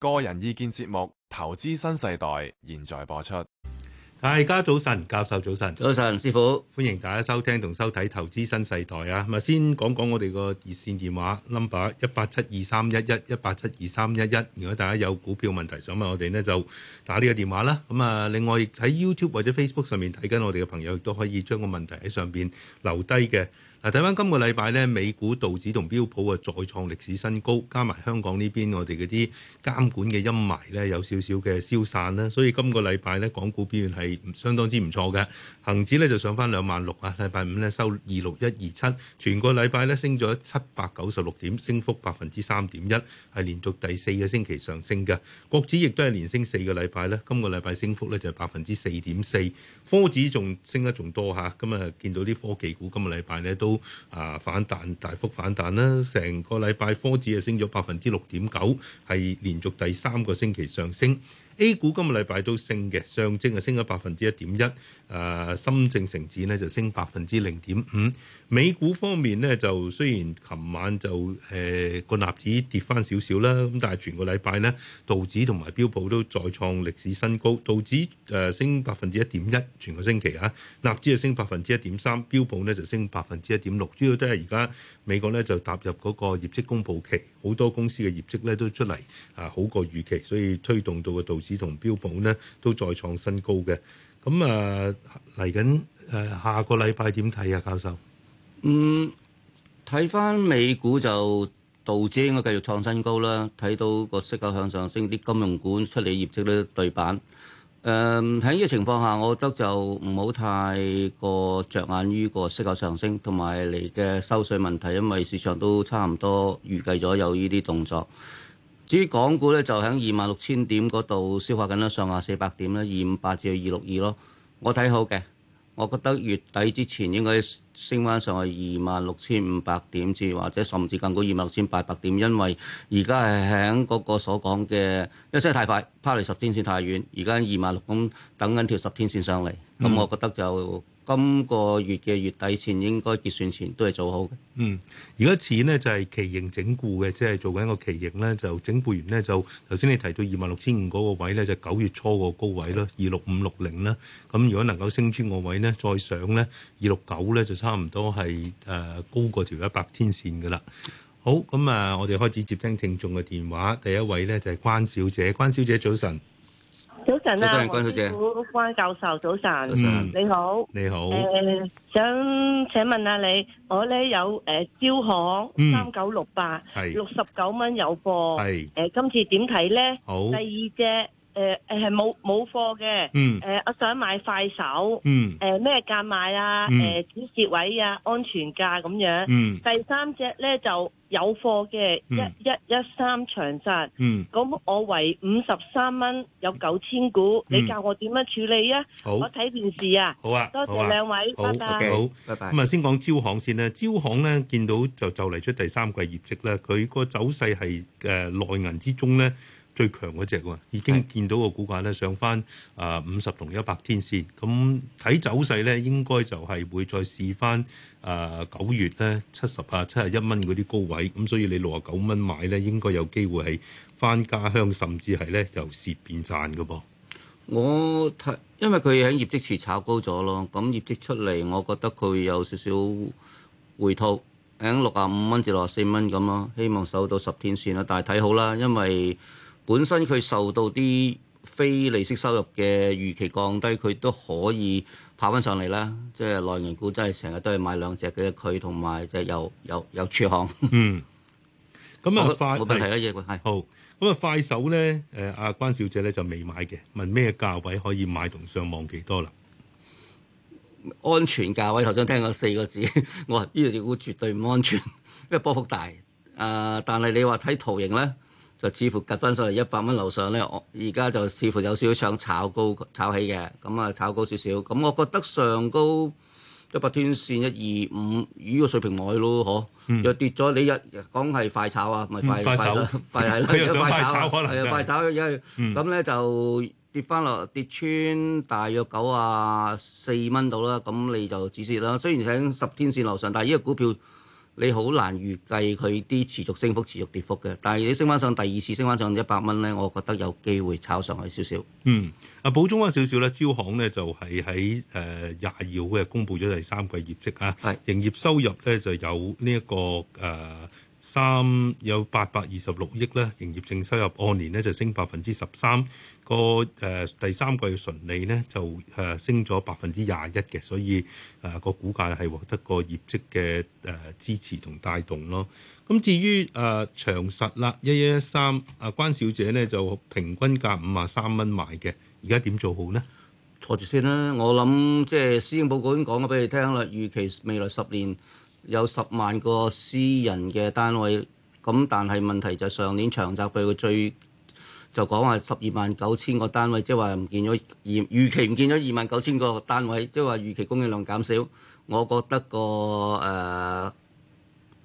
個人意見節目《投資新世代》現在播出。大家早晨，教授早晨，早晨，師傅，歡迎大家收聽同收睇《投資新世代》啊。咁啊，先講講我哋個熱線電話 number 一八七二三一一一八七二三一一。如果大家有股票問題想問，我哋呢，就打呢個電話啦。咁啊，另外喺 YouTube 或者 Facebook 上面睇緊我哋嘅朋友，亦都可以將個問題喺上邊留低嘅。嗱，睇翻今個禮拜咧，美股道指同標普啊再創歷史新高，加埋香港呢邊我哋嗰啲監管嘅陰霾咧有少少嘅消散啦，所以今個禮拜咧港股表現係相當之唔錯嘅，恒指咧就上翻兩萬六啊，禮拜五咧收二六一二七，全個禮拜咧升咗七百九十六點，升幅百分之三點一，係連續第四個星期上升嘅，國指亦都係連升四個禮拜咧，今個禮拜升幅咧就係百分之四點四，科指仲升得仲多嚇，咁啊見到啲科技股今個禮拜咧都。啊，反彈大幅反彈啦！成個禮拜，科指係升咗百分之六點九，係連續第三個星期上升。A 股今個禮拜都升嘅，上證啊升咗百分之一點一，誒，深證成指呢就升百分之零點五。美股方面呢，就雖然琴晚就誒個納指跌翻少少啦，咁但係全個禮拜呢，道指同埋標普都再創歷史新高，道指誒、呃、升百分之一點一，全個星期啊，納指啊升百分之一點三，標普呢就升百分之一點六。主要都係而家美國呢就踏入嗰個業績公布期，好多公司嘅業績呢都出嚟啊好過預期，所以推動到個道指。指同標普咧都再創新高嘅，咁啊嚟緊誒下個禮拜點睇啊，教授？嗯，睇翻美股就道指應該繼續創新高啦，睇到個息口向上升，啲金融股出嚟業績咧對版。誒喺呢個情況下，我覺得就唔好太過着眼於個息口上升，同埋嚟嘅收稅問題，因為市場都差唔多預計咗有呢啲動作。至於港股咧，就喺二萬六千點嗰度消化緊啦，上下四百點啦，二五八至到二六二咯。我睇好嘅，我覺得月底之前應該升翻上去二萬六千五百點至，或者甚至更高二萬六千八百點，因為而家係喺嗰個所講嘅，因為升得太快，拋離十天線太遠，而家二萬六咁等緊條十天線上嚟，咁、嗯、我覺得就。今個月嘅月底前應該結算前都係做好嘅。嗯，而家錢呢，就係、是、期形整固嘅，即、就、係、是、做緊個期形呢。就整固完呢，就，頭先你提到二萬六千五嗰個位呢，就九、是、月初個高位咯，二六五六零啦。咁如果能夠升穿個位呢，再上呢，二六九呢，就差唔多係誒、呃、高過條一百天線嘅啦。好，咁啊，我哋開始接聽聽眾嘅電話。第一位呢，就係、是、關小姐，關小姐早晨。早晨啊，關小姐，關教授，早晨，早晨，啊、你好，你好。誒、呃，想請問下、啊、你我咧有誒、呃、招行，三九六八，係六十九蚊有貨，係誒是、呃、今次點睇咧？好，第二隻。誒誒係冇冇貨嘅，誒我想買快手，誒咩價買啊？誒，止蝕位啊，安全價咁樣。第三隻咧就有貨嘅，一一一三長實。咁我為五十三蚊有九千股，你教我點樣處理啊？我睇電視啊。好啊，多謝兩位，拜拜。咁啊，先講招行先啦。招行咧見到就就嚟出第三季業績啦。佢個走勢係誒內銀之中咧。最強嗰隻喎，已經見到個股價咧上翻啊五十同一百天線，咁睇走勢咧應該就係會再試翻啊九月咧七十啊七十一蚊嗰啲高位，咁所以你六啊九蚊買咧應該有機會係翻家鄉，甚至係咧由蝕變賺噶噃。我睇因為佢喺業績前炒高咗咯，咁業績出嚟，我覺得佢有少少回吐，喺六啊五蚊至六啊四蚊咁咯，希望守到十天線啦，但係睇好啦，因為。本身佢受到啲非利息收入嘅預期降低，佢都可以跑翻上嚟啦。即係內銀股真係成日都係買兩隻嘅，佢同埋就有又又儲行。嗯，咁啊快冇問題啊，嘢係好咁啊快手咧，誒、啊、阿關小姐咧就未買嘅，問咩價位可以買同上網幾多啦？安全價位頭先聽咗四個字，我話呢隻股絕對唔安全，因為波幅大。啊、呃，但係你話睇圖形咧？呢就似乎隔返上嚟一百蚊樓上咧，我而家就似乎有少少想炒高炒起嘅，咁啊炒高少少。咁我覺得上高一百天線一二五依個水平內咯，嗬、嗯。若跌咗你一講係快炒啊，咪快快快係快炒啊，快炒咁咧就跌翻落跌穿大約九啊四蚊度啦。咁你就止蝕啦。雖然喺十天線樓上，但係依個股票。你好難預計佢啲持續升幅，持續跌幅嘅，但係你升翻上第二次升翻上一百蚊咧，我覺得有機會炒上去少少。嗯，啊補充翻少少咧，招行咧就係喺誒廿二號嘅公布咗第三季業績啊，係。營業收入咧就有呢、這、一個誒。呃三有八百二十六億咧，營業淨收入按年咧就升百分之十三，個誒第三季純利咧就誒升咗百分之廿一嘅，所以誒個、呃、股價係獲得個業績嘅誒、呃、支持同帶動咯。咁至於誒長、呃、實啦，一一一三啊關小姐咧就平均價五啊三蚊買嘅，而家點做好呢？坐住先啦，我諗即係施政報告已經講咗俾你聽啦，預期未來十年。有十萬個私人嘅單位，咁但係問題就係上年長宅佢最就講話十二萬九千個單位，即係話唔見咗二，預期唔見咗二萬九千個單位，即係話預期供應量減少，我覺得個誒、呃、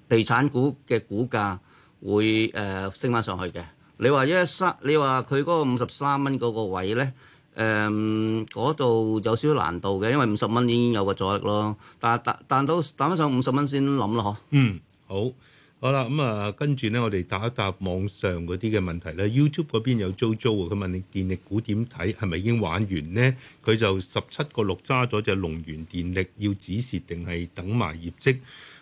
地產股嘅股價會誒、呃、升翻上去嘅。你話一三，你話佢嗰個五十三蚊嗰個位咧？誒，嗰度、嗯、有少少難度嘅，因為五十蚊已經有個阻力咯。但係但都打翻上五十蚊先諗咯，嗬。嗯，好，好啦，咁、嗯、啊，跟住咧，我哋答一答網上嗰啲嘅問題咧。YouTube 嗰邊有租租啊，佢問你電力股點睇，係咪已經玩完呢？佢就十七個六揸咗隻龍源電力，要止蝕定係等埋業績。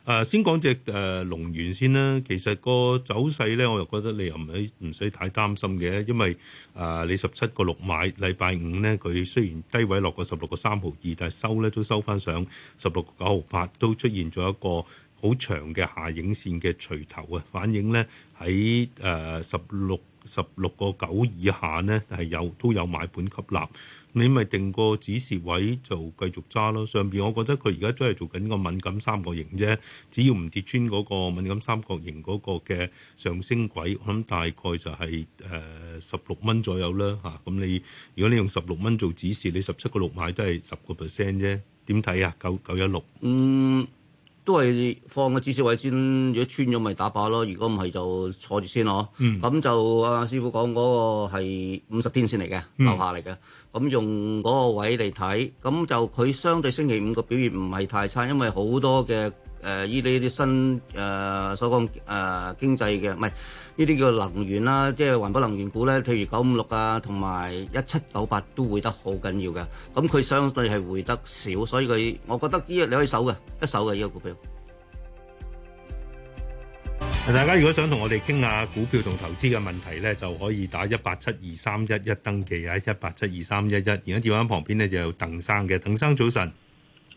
誒、uh，先講隻誒龍源先啦，其實個走勢咧，我又覺得你又唔使唔使太擔心嘅，因為誒、呃、你十七個六買，禮拜五咧佢雖然低位落過十六個三毫二，但係收咧都收翻上十六個九毫八，都出現咗一個好長嘅下影線嘅錘頭啊，反映咧喺誒十六。十六個九以下呢，係有都有買盤吸納，你咪定個指示位就繼續揸咯。上邊我覺得佢而家都係做緊個敏感三角形啫，只要唔跌穿嗰個敏感三角形嗰個嘅上升軌，我諗大概就係誒十六蚊左右啦嚇。咁、啊、你如果你用十六蚊做指示，你十七個六買都係十個 percent 啫。點睇啊？九九一六嗯。都係放個止蝕位先，如果穿咗咪打靶咯，如果唔係就坐住先哦。咁、嗯、就阿、啊、師傅講嗰個係五十天線嚟嘅，留、嗯、下嚟嘅。咁用嗰個位嚟睇，咁就佢相對星期五個表現唔係太差，因為好多嘅誒依啲啲新誒、呃、所講誒、呃、經濟嘅唔係。呢啲叫能源啦，即係環保能源股咧，譬如九五六啊，同埋一七九八都回得好緊要嘅。咁佢相對係回得少，所以佢，我覺得呢個你可以守嘅，一手嘅呢個股票。大家如果想同我哋傾下股票同投資嘅問題咧，就可以打一八七二三一一登記啊，一八七二三一一。然後電話旁邊咧就有鄧生嘅，鄧生早晨。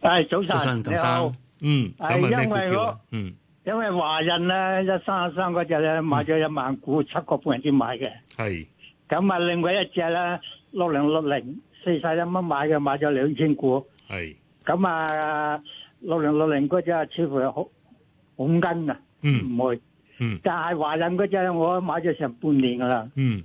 係早晨，你好。嗯。係想問咩股票嗯。因為華人咧，一三三嗰隻咧買咗一萬股七個半人先買嘅，係是。咁啊，另外一隻咧六零六零四十一蚊買嘅，買咗兩千股，係是。咁啊，六零六零嗰隻似乎好紅斤啊，嗯，唔會，嗯，但係華人嗰隻我買咗成半年噶啦，嗯，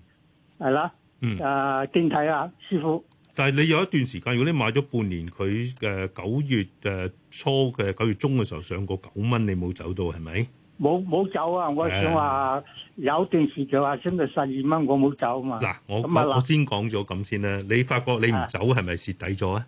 係啦，嗯，啊，點睇下，師傅？但係你有一段時間，如果你買咗半年，佢嘅九月嘅初嘅九月中嘅時候上過九蚊，你冇走到係咪？冇冇走啊！啊我想話有段時就話升到十二蚊，我冇走啊嘛。嗱，我我先講咗咁先啦。你發覺你唔走係咪蝕底咗啊？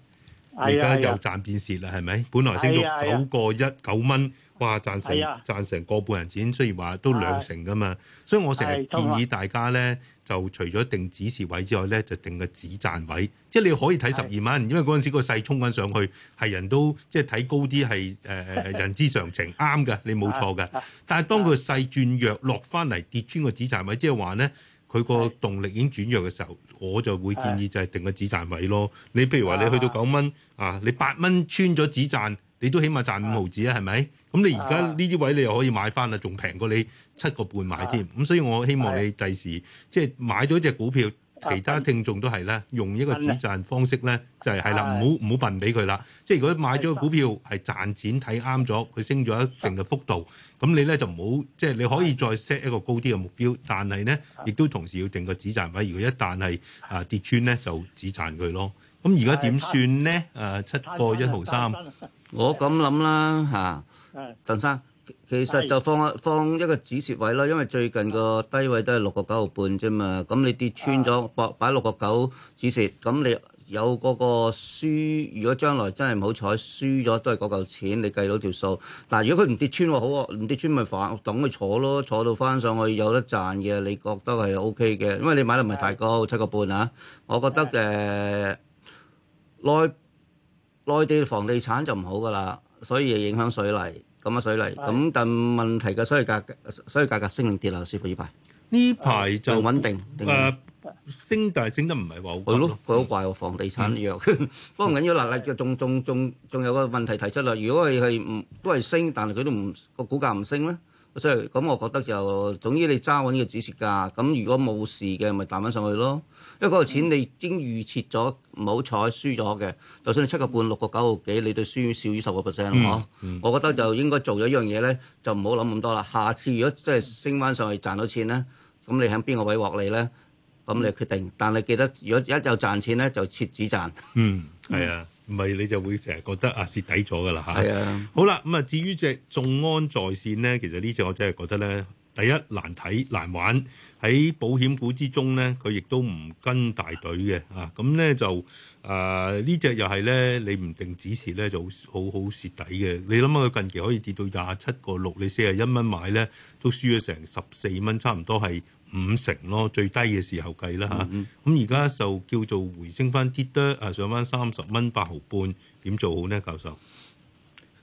而家又賺變蝕啦，係咪？本來升到九個一九蚊，哇！賺成、哎、呀賺成個半人錢，雖然話都兩成噶嘛。的所以我成日建議大家咧，就除咗定止蝕位之外咧，就定個止賺位。即係你可以睇十二蚊，的因為嗰陣時個勢衝緊上去，係人都即係睇高啲，係、呃、誒人之常情，啱嘅， 你冇錯嘅。的但係當佢勢轉弱落翻嚟跌穿個止賺位，即係話咧。佢個動力已經轉弱嘅時候，我就會建議就係定個止賺位咯。你譬如話你去到九蚊啊，啊，你八蚊穿咗止賺，你都起碼賺五毫紙啊，係咪？咁你而家呢啲位你又可以買翻啦，仲平過你七個半買添。咁所以我希望你第時，啊，即係買咗一隻股票。其他聽眾都係咧，用一個止賺方式咧、就是，就係係啦，唔好唔好笨俾佢啦。即係如果買咗個股票係賺錢睇啱咗，佢升咗一定嘅幅度，咁你咧就唔好即係你可以再 set 一個高啲嘅目標，但係咧亦都同時要定個止賺位。如果一旦係啊跌穿咧，就止賺佢咯。咁而家點算咧？啊，七個一毫三，我咁諗啦嚇。鄧生。其實就放放一個止蝕位啦，因為最近個低位都係六個九毫半啫嘛。咁你跌穿咗，擺六個九止蝕。咁你有嗰個，個輸，如果將來真係唔好彩，輸咗都係嗰嚿錢，你計到條數。但係，如果佢唔跌穿好喎、啊，唔跌穿咪放，等佢坐咯，坐到翻上去有得賺嘅，你覺得係 OK 嘅。因為你買得唔係太高，七個半啊。我覺得誒的、呃、內內地房地產就唔好噶啦，所以影響水泥。咁嘅水嚟，咁的但問題嘅水價格，水價格升定跌啊？是唔是呢排？呢排就穩定。誒、啊，升，但係升得唔係話好。係咯，怪唔怪房地產弱，嗯、 不過唔緊要。嗱嗱， 仲仲仲仲有個問題提出啦。如果係係唔都係升，但係佢都唔個股價唔升咧？咁，我覺得就總之你揸穩個止蝕價。咁如果冇事嘅，咪彈翻上去咯。因為嗰個錢你已經預設咗唔好彩輸咗嘅。就算你七個半、六個九毫幾，你對輸少於十個 percent 我覺得就應該做咗一樣嘢咧，就唔好諗咁多啦。下次如果真係升翻上去賺到錢咧，咁你喺邊個位獲利咧？咁你決定。但你記得，如果一有賺錢咧，就設止賺。嗯，係啊。唔係你就會成日覺得啊蝕底咗噶啦吓，係啊，好啦咁啊，至於隻眾安在線咧，其實呢隻我真係覺得咧，第一難睇難玩喺保險股之中咧，佢亦都唔跟大隊嘅啊，咁、嗯、咧就啊呢隻又係咧，你唔定指時咧就好好好蝕底嘅，你諗下佢近期可以跌到廿七個六，你四十一蚊買咧都輸咗成十四蚊，差唔多係。五成咯，最低嘅時候計啦嚇。咁而家就叫做回升翻啲多啊，上翻三十蚊八毫半，點做好呢？教授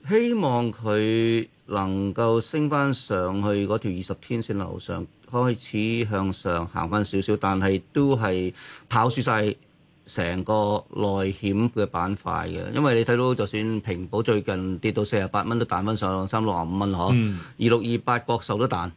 希望佢能夠升翻上去嗰條二十天線樓上，開始向上行翻少少，但係都係跑輸晒成個內險嘅板塊嘅。因為你睇到，就算平保最近跌到四十八蚊都彈翻上三六十五蚊嗬，二六二八國壽都彈。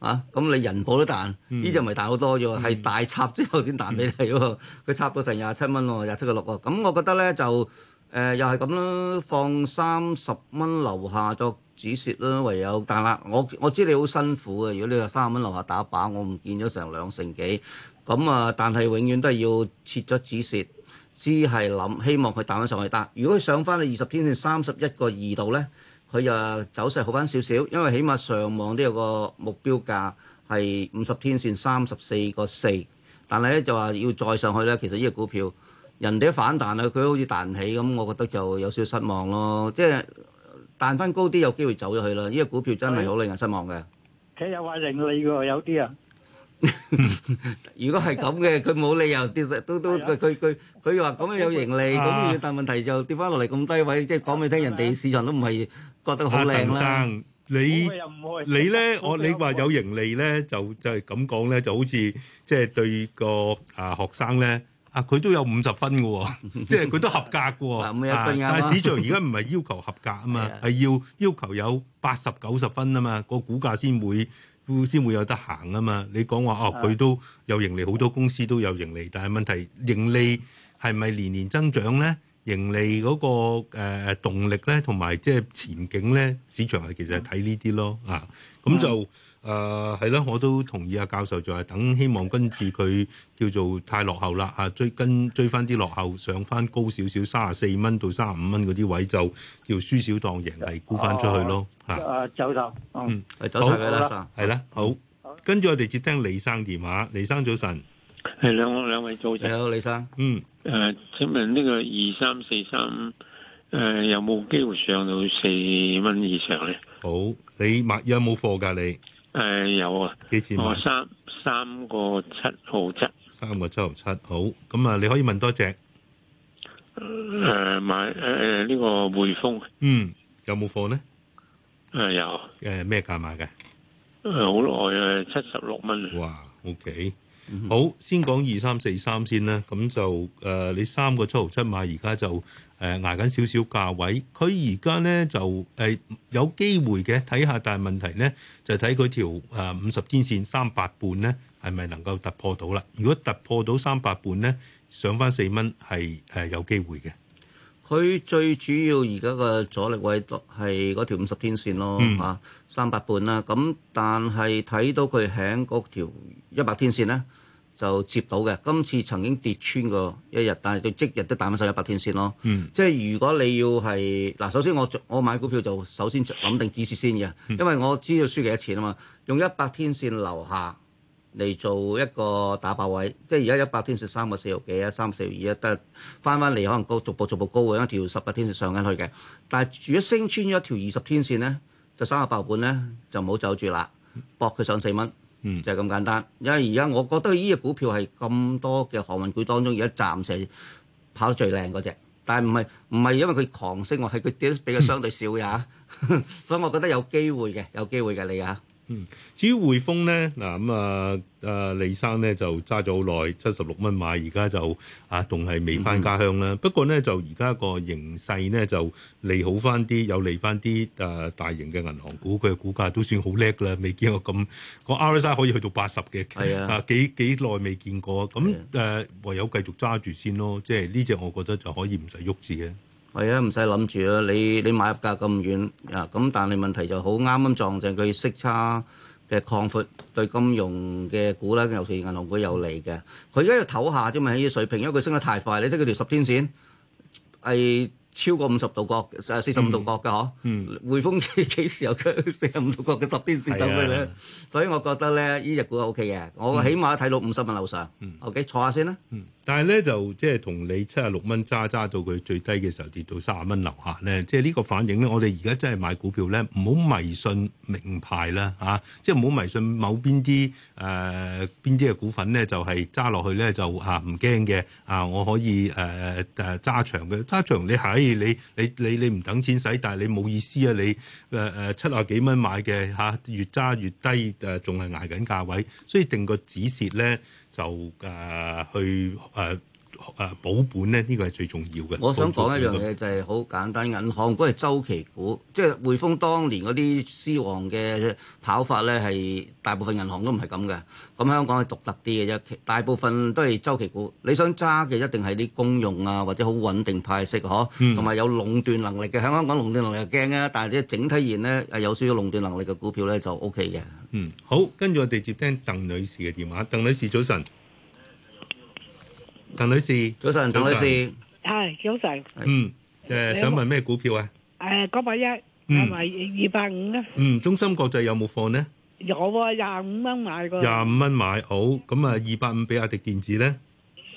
啊，咁你人保都彈，呢、嗯、隻咪彈好多咗，係、嗯、大插之後先彈起嚟喎。佢、嗯、插到成廿七蚊喎，廿七個六喎。咁、嗯、我覺得咧就誒、呃、又係咁咯，放三十蚊樓下作止蝕啦。唯有彈啦。我我知你好辛苦嘅，如果你話三十蚊樓下打靶，我唔見咗成兩成幾。咁、嗯、啊，但係永遠都係要切咗止蝕，只係諗希望佢彈翻上去彈。如果上翻去二十天線三十一個二度咧，佢就走勢好翻少少，因為起碼上望都有個目標價係五十天線三十四個四，但係咧就話要再上去咧，其實依個股票人哋一反彈啊，佢好似彈唔起咁，我覺得就有少失望咯。即係彈翻高啲有機會走咗去啦。依個股票真係好令人失望嘅。佢又話盈利喎，有啲啊。如果係咁嘅，佢冇理由跌實，都都佢佢佢話咁樣有盈利咁，但問題就跌翻落嚟咁低位，即係講俾你聽人哋市場都唔係。阿鄧生，你、啊啊、你咧呢，啊、我你話有盈利咧，就就係咁講咧，就好似即係對個啊學生咧，啊佢都有五十分嘅、哦，即係佢都合格嘅、哦。 啊、啊，但係市場而家唔係要求合格啊嘛，係 要、啊、要求有八十九十分啊嘛，那個股價先會先會有得行啊嘛。你講話哦，佢、啊、都有盈利，好多公司都有盈利，但係問題盈利係咪年，年年增長咧？盈利嗰個誒誒動力咧，同埋即係前景咧，市場係其實係睇呢啲咯啊！咁就誒係咯，我都同意阿、啊、教授就係等，希望今次佢叫做太落後啦嚇，追跟追翻啲落後，上翻高少少，三啊四蚊到三啊五蚊嗰啲位，就叫輸少當贏嚟沽翻出去咯嚇。誒早晨，嗯，早晨嘅啦，係啦走完 好，好。嗯，好跟住我哋接我聽李生電話，李、生、李生早晨。早晨係兩兩位主持你好，李生。嗯，誒、呃，請問呢個二三四三誒有冇機會上到四蚊以上咧？好，你買有冇貨噶？你誒、呃、有啊？幾錢？我、哦、三三個七毫七，三個七毫七號。好。咁啊，你可以問多隻。誒、呃、買誒呢、呃這個匯豐，嗯，有冇貨咧？誒、呃、有。誒咩價買嘅？好耐啊，七十六蚊啊。哇，O K。Okay. 嗯、好，先講二三四三先啦。咁就誒，你三個七號七碼，而家就誒捱緊少少價位。佢而家咧就誒、呃、有機會嘅，睇下。但係問題咧就睇佢條誒五十天線三百半咧，係咪能夠突破到啦？如果突破到三百半咧，上翻四蚊係誒有機會嘅。佢最主要而家嘅阻力位都係嗰條五十天線咯嚇，三百、嗯啊、半啦。咁但係睇到佢喺嗰條一百天線咧。就接到嘅，今次曾經跌穿過一日，但係佢即日都打翻上一百天線咯。嗯、即係如果你要係嗱，首先我我買股票就首先諗定止蝕先嘅，因為我知道輸幾多錢啊嘛。用一百天線留下嚟做一個打爆位，即係而家一百天線三個四毫幾啊，三個四毫二啊，得翻翻嚟可能高，逐步逐步高嘅，一條十八天線上緊去嘅。但係如果升穿咗一條二十天線咧，就三個爆盤咧就唔好走住啦，博佢上四蚊。嗯， 就係咁簡單，因為而家我覺得依隻股票係咁多嘅航運股當中，而家暫時跑得最靚嗰隻，但係唔係唔係因為佢狂升喎，係佢跌得比較相對少嘅， 所以我覺得有機會嘅，有機會嘅你啊。嗯，至於匯豐咧，嗱咁啊啊李生咧就揸咗好耐，七十六蚊買，而家就啊仲係未返家鄉啦。嗯、不過咧就而家個形勢咧就利好翻啲，有利翻啲啊大型嘅銀行股，佢嘅股價都算好叻啦，未見過咁、嗰個 RSI 可以去到八十嘅，啊，啊幾幾耐未見過，咁誒、啊啊、唯有繼續揸住先咯。即係呢隻我覺得就可以唔使喐字嘅。係啊，唔使諗住啊！你你買入價咁遠啊，咁但係你問題就好啱啱撞正佢息差嘅擴闊，對金融嘅股啦，尤其是銀行股有利嘅。佢而家要唞下啫嘛，喺呢啲水平，因為佢升得太快。你睇佢條十天線係，哎超過五十度角，誒四十五度角嘅嗬，匯、嗯嗯、豐幾時有四十五度角嘅十點線走嘅咧？啊、所以我覺得咧，呢隻股 OK 嘅，我起碼睇到五十蚊樓上，OK，、嗯、坐下先啦。嗯、但係咧就即係同你七十六蚊揸揸到佢最低嘅時候跌到三十蚊樓下咧，即係呢個反應咧，我哋而家真係買股票咧，唔好迷信名牌啦嚇，即係唔好迷信某邊啲誒、呃、邊啲嘅股份咧，就係揸落去咧就啊唔驚嘅啊，我可以誒誒揸長嘅揸長，你、啊、係。你你你你唔等錢使，但係你冇意思啊！你誒誒、呃、七十啊幾蚊買嘅嚇，越揸越低誒，仲係捱緊價位，所以定個止蝕咧就誒、呃、去誒。呃誒保本咧，呢、這個係最重要嘅。我想講一樣嘢就係好簡單，銀行股係周期股，即係匯豐當年嗰啲獅王嘅跑法咧，係大部分銀行都唔係咁嘅。咁香港係獨特啲嘅啫，大部分都係周期股。你想揸嘅一定係啲公用啊，或者好穩定派息，嗬、啊，同埋、嗯、有壟斷能力嘅。喺香港壟斷能力又驚啊，但係你整體而言咧，有少少壟斷能力嘅股票咧就 O K 嘅。嗯，好，跟住我哋接聽鄧女士嘅電話。鄧女士，早晨。鄧女士，早晨，鄧女士係，早晨，嗯，誒，想問咩股票啊？誒，九百一，同埋二百五啦。嗯，中芯國際有冇貨呢？有，廿五蚊買過。廿五蚊買好，咁啊，二百五比亞迪電子咧，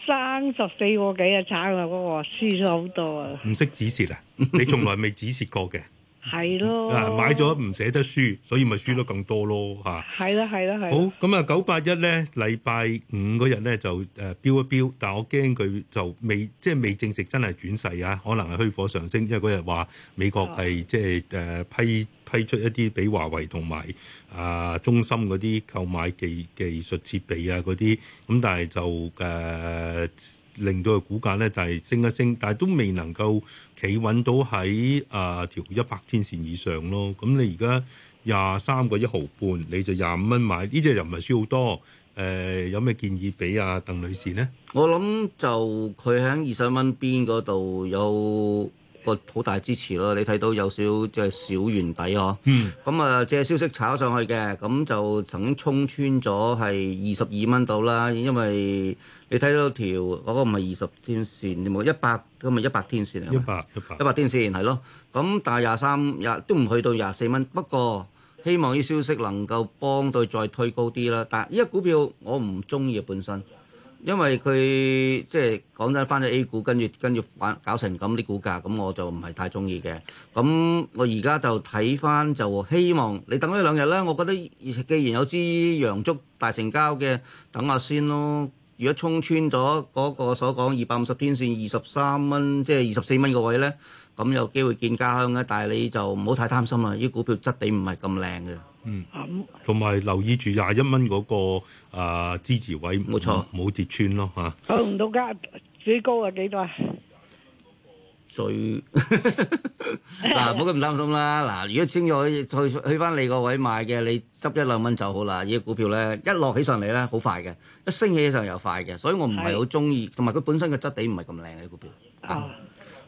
三十四個幾啊，慘啊，嗰個輸咗好多啊！唔識指示啊，你從來未指示過嘅。係咯，啊買咗唔捨得輸，所以咪輸得更多咯吓。係啦係啦係。好咁啊，九八一咧，禮拜五嗰日咧就誒飆一飆，但我驚佢就未即係未正式真係轉勢啊，可能係虛火上升，因為嗰日話美國係即係誒批批出一啲俾華為同埋啊中芯嗰啲購買技技術設備啊嗰啲，咁但係就誒。啊令到個股價咧就係、是、升一升，但係都未能夠企穩到喺啊、呃、條一百天線以上咯。咁你而家廿三個一毫半，你, 15, 你就廿五蚊買，呢、這、隻、個、又唔係輸好多。誒、呃，有咩建議俾阿、啊、鄧女士呢？我諗就佢喺二十蚊邊嗰度有，個好大支持咯，你睇到有少即係小圓、就是、底呵，咁啊、嗯嗯、借消息炒上去嘅，咁就曾經衝穿咗係二十二蚊到啦，因為你睇到條嗰、那個唔係二十天線，你冇一百咁咪一百天線啊？一百一百天線係咯，咁但係廿三日都唔去到廿四蚊，不過希望啲消息能夠幫到再推高啲啦。但係依家股票我唔中意本身。因為佢即係講真，翻咗 A 股，跟住跟住反搞成咁啲股價，咁我就唔係太中意嘅。咁我而家就睇翻，就希望你等咗一兩日咧。我覺得既然有支陽燭大成交嘅，等下先咯。如果衝穿咗嗰個所講二百五十天線二十三蚊，即係二十四蚊個位咧，咁有機會見家鄉嘅。但係你就唔好太貪心啦，呢啲股票質地唔係咁靚嘅。嗯，同埋留意住廿一蚊嗰個啊、呃、支持位，冇錯，冇、嗯、跌穿咯吓。唔到價，最高係幾多啊？最嗱，唔好咁擔心啦。嗱、啊，如果升咗去去翻你個位買嘅，你執一兩蚊就好啦。呢、這個股票咧，一落起上嚟咧，好快嘅；一升起上嚟又快嘅。所以我唔係好中意，同埋佢本身嘅質地唔係咁靚嘅股票。啊。啊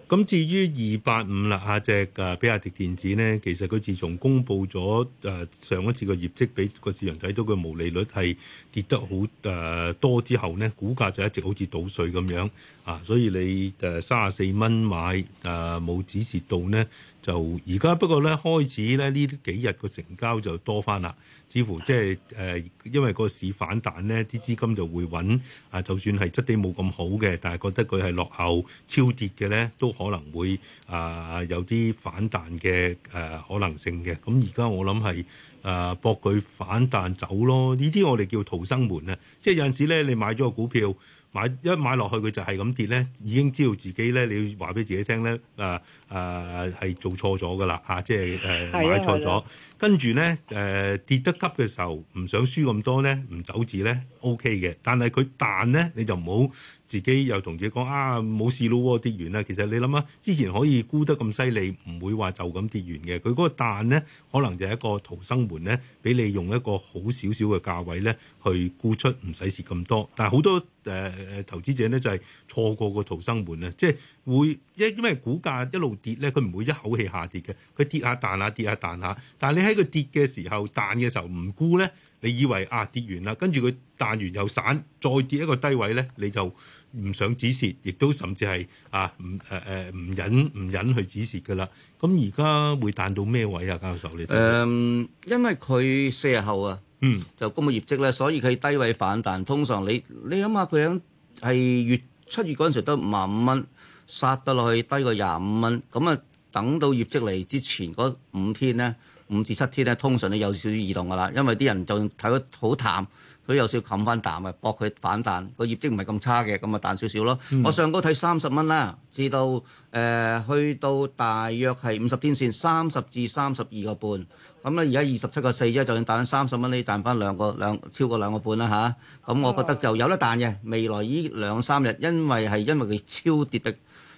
咁至於二八五啦，下隻嘅比亞迪電子咧，其實佢自從公布咗誒上一次個業績，俾個市場睇到佢毛利率係跌得好誒、呃、多之後咧，股價就一直好似倒水咁樣啊，所以你誒三十四蚊買誒冇止蝕到咧，就而家不過咧開始咧呢幾日個成交就多返啦。似乎即係誒，因為個市反彈咧，啲資金就會揾啊、呃。就算係質地冇咁好嘅，但係覺得佢係落後超跌嘅咧，都可能會啊、呃、有啲反彈嘅誒、呃、可能性嘅。咁而家我諗係啊博佢反彈走咯。呢啲我哋叫逃生門啊。即係有陣時咧，你買咗個股票買一買落去，佢就係咁跌咧，已經知道自己咧，你要話俾自己聽咧啊。呃誒係、呃、做錯咗㗎喇吓，即係誒買錯咗。的跟住咧誒，跌得急嘅時候，唔想輸咁多咧，唔走字咧，O K 嘅。但係佢彈咧，你就唔好自己又同自己講啊冇事咯跌完啦。其實你諗下之前可以沽得咁犀利，唔會話就咁跌完嘅。佢嗰個彈咧，可能就係一個逃生門咧，俾你用一個好少少嘅價位咧，去沽出唔使蝕咁多。但係好多誒、呃、投資者咧就係、是、錯過個逃生門咧，即係會一因為股價一路。跌咧，佢唔會一口氣下跌嘅，佢跌下彈下，跌下彈下。但係你喺佢跌嘅時候，彈嘅時候唔沽咧，你以為啊跌完啦，跟住佢彈完又散，再跌一個低位咧，你就唔想止蝕，亦都甚至係啊唔誒誒唔忍唔忍去止蝕㗎喇。咁而家會彈到咩位啊，教授你？誒、嗯，因為佢四日後啊，嗯，就公布業績咧，所以佢低位反彈。通常你你諗下佢響係月七月嗰陣時得五萬五蚊。殺得落去低過廿五蚊，咁啊等到業績嚟之前嗰五天咧，五至七天咧，通常都有少少異動噶啦，因為啲人就睇得好淡，佢有少少冚翻淡啊，搏佢反彈，個業績唔係咁差嘅，咁啊彈少少咯。嗯、我上高睇三十蚊啦，至到誒、呃、去到大約係五十天線三十至三十二個半，咁咧而家二十七個四，啫，就算彈三十蚊咧，你賺翻兩個兩個超過兩個半啦吓，咁、啊、我覺得就有得彈嘅，未來呢兩三日，因為係因為佢超跌嘅。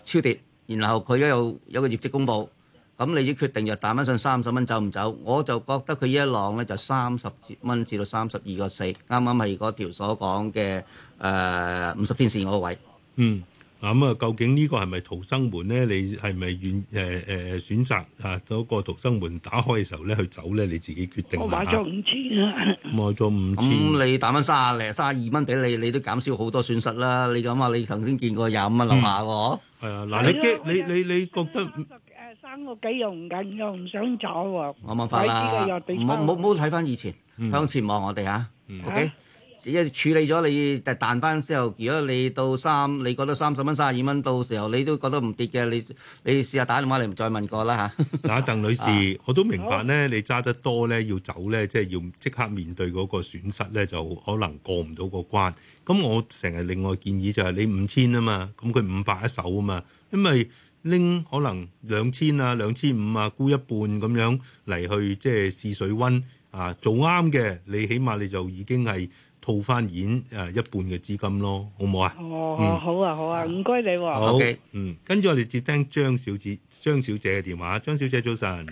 超跌，然後佢又有，有一個業績公布，咁你啲決定就打翻上三十蚊走唔走？我就覺得佢呢一浪咧就三十蚊至到三十二個四，啱啱係嗰條所講嘅誒五十天線嗰個位。嗯。嗱咁啊，究竟呢個係咪逃生門咧？你係咪願誒誒選擇啊？嗰個逃生門打開嘅時候咧，去走咧，你自己決定啦。我買咗五千啊。買咗五千。嗯、你打翻三啊零、三啊二蚊俾你，你都減少好多損失啦。你咁、嗯啊，哎、啊，你頭先見過廿五蚊樓下喎。係啊，嗱，你驚你你你覺得三生個幾又唔緊又唔想走喎、啊。冇辦法啦。唔好唔好睇翻以前，向前望我哋啊。OK。一處理咗你彈翻之後，如果你到三，你覺得三十蚊、三十二蚊，到時候你都覺得唔跌嘅，你你試下打電話你唔再問過啦嚇。嗱， 鄧女士，我都明白咧，你揸得多咧，要走咧，即係要即刻面對嗰個損失咧，就可能過唔到個關。咁我成日另外建議就係、是、你五千啊嘛，咁佢五百一手啊嘛，因為拎可能兩千啊、兩千五啊，沽一半咁樣嚟去即係試水溫啊，做啱嘅，你起碼你就已經係。套翻現誒一半嘅資金咯，好唔好啊？哦，好啊，好啊，唔該你喎、啊。好，OK，嗯，跟住我哋接聽張小姐、張小姐嘅電話。張小姐早晨，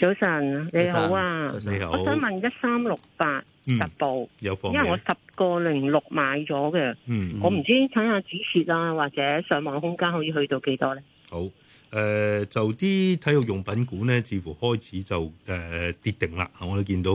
早晨你好啊，你好。早，我想問一三六八特步有貨？因為我十個零六買咗嘅、嗯，嗯，我唔知睇下止蝕啊，或者上網空間可以去到幾多咧？好。誒、呃、就啲體育用品股咧，似乎開始就誒、呃、跌定啦。我哋見到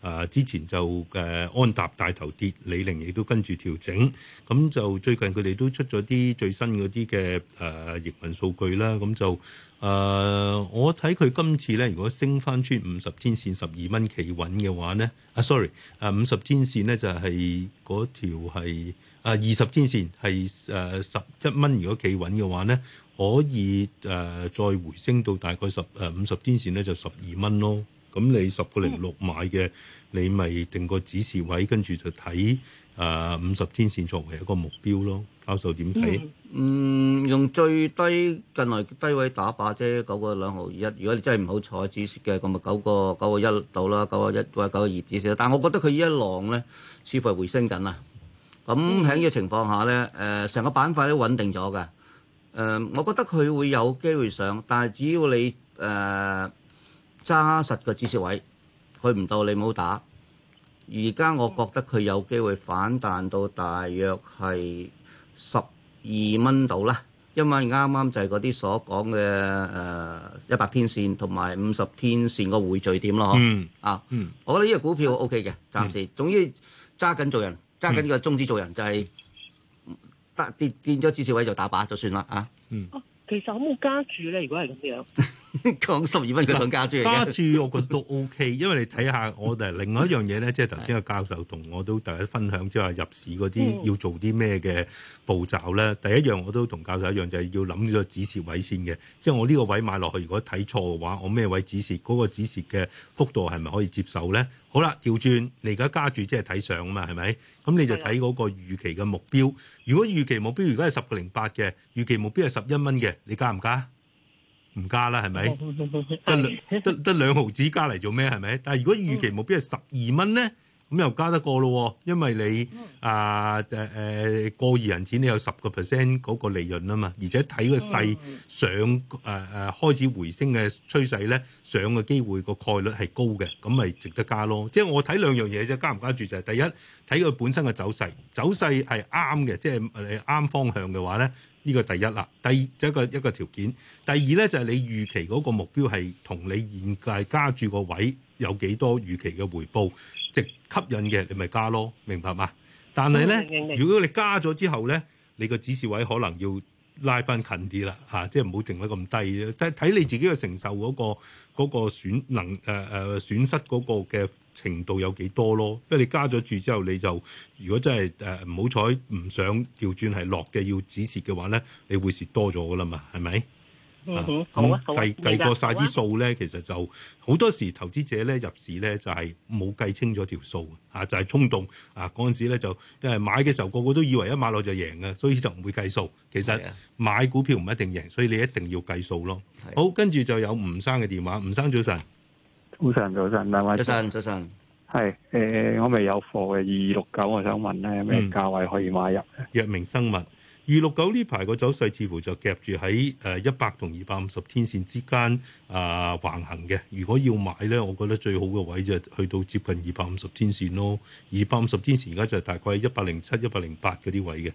啊、呃，之前就誒、呃、安踏帶頭跌，李寧亦都跟住調整。咁、嗯、就最近佢哋都出咗啲最新嗰啲嘅誒營運數據啦。咁、嗯、就誒、呃、我睇佢今次咧，如果升翻出五十天線十二蚊企穩嘅話咧，啊 sorry，啊五十天線，條、啊天線呃、呢，就係嗰條係啊二十天線係誒十一蚊，如果企穩嘅話咧。可以誒、呃、再回升到大概十誒五十天線咧就十二蚊咯。咁你十個零六買嘅，你咪定個止蝕位，跟住就睇誒五十天線作為一個目標咯。教授點睇？嗯，用最低近來低位打靶啫，九個兩毫一。如果你真係唔好彩，止蝕嘅咁咪九個九個一度啦，九個一或者九個二止蝕。但係我覺得佢依一浪咧似乎係回升緊啊。咁喺依個情況下咧，誒、呃、成個板塊都穩定咗㗎。誒，uh, 我覺得佢會有機會上，但係只要你誒揸實個支持位，佢唔到你冇打。而家我覺得佢有機會反彈到大約係十二蚊度啦，因為啱啱就係嗰啲所講嘅誒一百天線同埋五十天線個匯聚點咯，嚇。嗯，uh, 嗯，我覺得呢個股票 O K 嘅，暫時、嗯、總之揸緊做人，揸緊呢個宗旨做人就係、是。跌跌咗支持位就打靶就算啦啊，嗯。哦，其實可唔可以加注咧？如果係咁樣。講十二蚊佢想加住，加住我覺得都 O、OK, K， 因為你睇下我哋另外一樣嘢咧， 即係頭先個教授同我都大家分享，即係話入市嗰啲要做啲咩嘅步驟咧。第一樣我都同教授一樣，就係、是、要諗個止蝕位先嘅。即係我呢個位買落去，如果睇錯嘅話，我咩位止蝕？嗰、那個止蝕嘅幅度係咪可以接受咧？好啦，調轉你而家加住，即係睇上啊嘛，係咪？咁你就睇嗰個預期嘅目標。如果預期目標而家係十個零八嘅，預期目標係十一蚊嘅，你加唔加？唔加啦，係咪？得得得兩毫子加嚟做咩？係咪？但係如果預期目標係十二蚊咧，咁又加得過咯，因為你啊誒誒過二人錢你有十個 percent 嗰個利潤啊嘛，而且睇個勢上誒誒、呃、開始回升嘅趨勢咧，上嘅機會個概率係高嘅，咁咪值得加咯。即係我睇兩樣嘢啫，加唔加住就係、是、第一睇佢本身嘅走勢，走勢係啱嘅，即係啱方向嘅話咧。呢個第一啦，第二就一個一個條件。第二咧，就係你預期嗰個目標係同你現屆加住個位有幾多預期嘅回報，值吸引嘅，你咪加咯，明白嘛？但係咧，如果你加咗之後咧，你個指示位可能要。拉翻近啲啦，嚇、啊，即係唔好定得咁低啫。睇睇你自己嘅承受嗰、那個嗰、那個、損能誒誒、呃、損失嗰個嘅程度有幾多咯。因為你加咗注之後，你就如果真係誒唔好彩唔想調轉係落嘅，要止蝕嘅話咧，你會蝕多咗噶啦嘛，係咪？好好啊，唔該。計過曬啲數咧，其實就好多時投資者咧入市咧就係冇計清楚條數啊，就係衝動啊嗰陣時咧就因為買嘅時候個個都以為一買落就贏嘅，所以就唔會計數。其實買股票唔一定贏，所以你一定要計數咯。好，跟住就有吳生嘅電話，吳生早晨，早晨早晨，早晨早晨，係誒我未有貨嘅二二六九，我想問咧咩價位可以買入？藥明生物。二六九呢排個走勢似乎就夾住喺誒一百同二百五十天線之間啊、呃、橫行嘅。如果要買咧，我覺得最好嘅位就係去到接近二百五十天線咯。二百五十天線而家就係大概一百零七、一百零八嗰啲位嘅。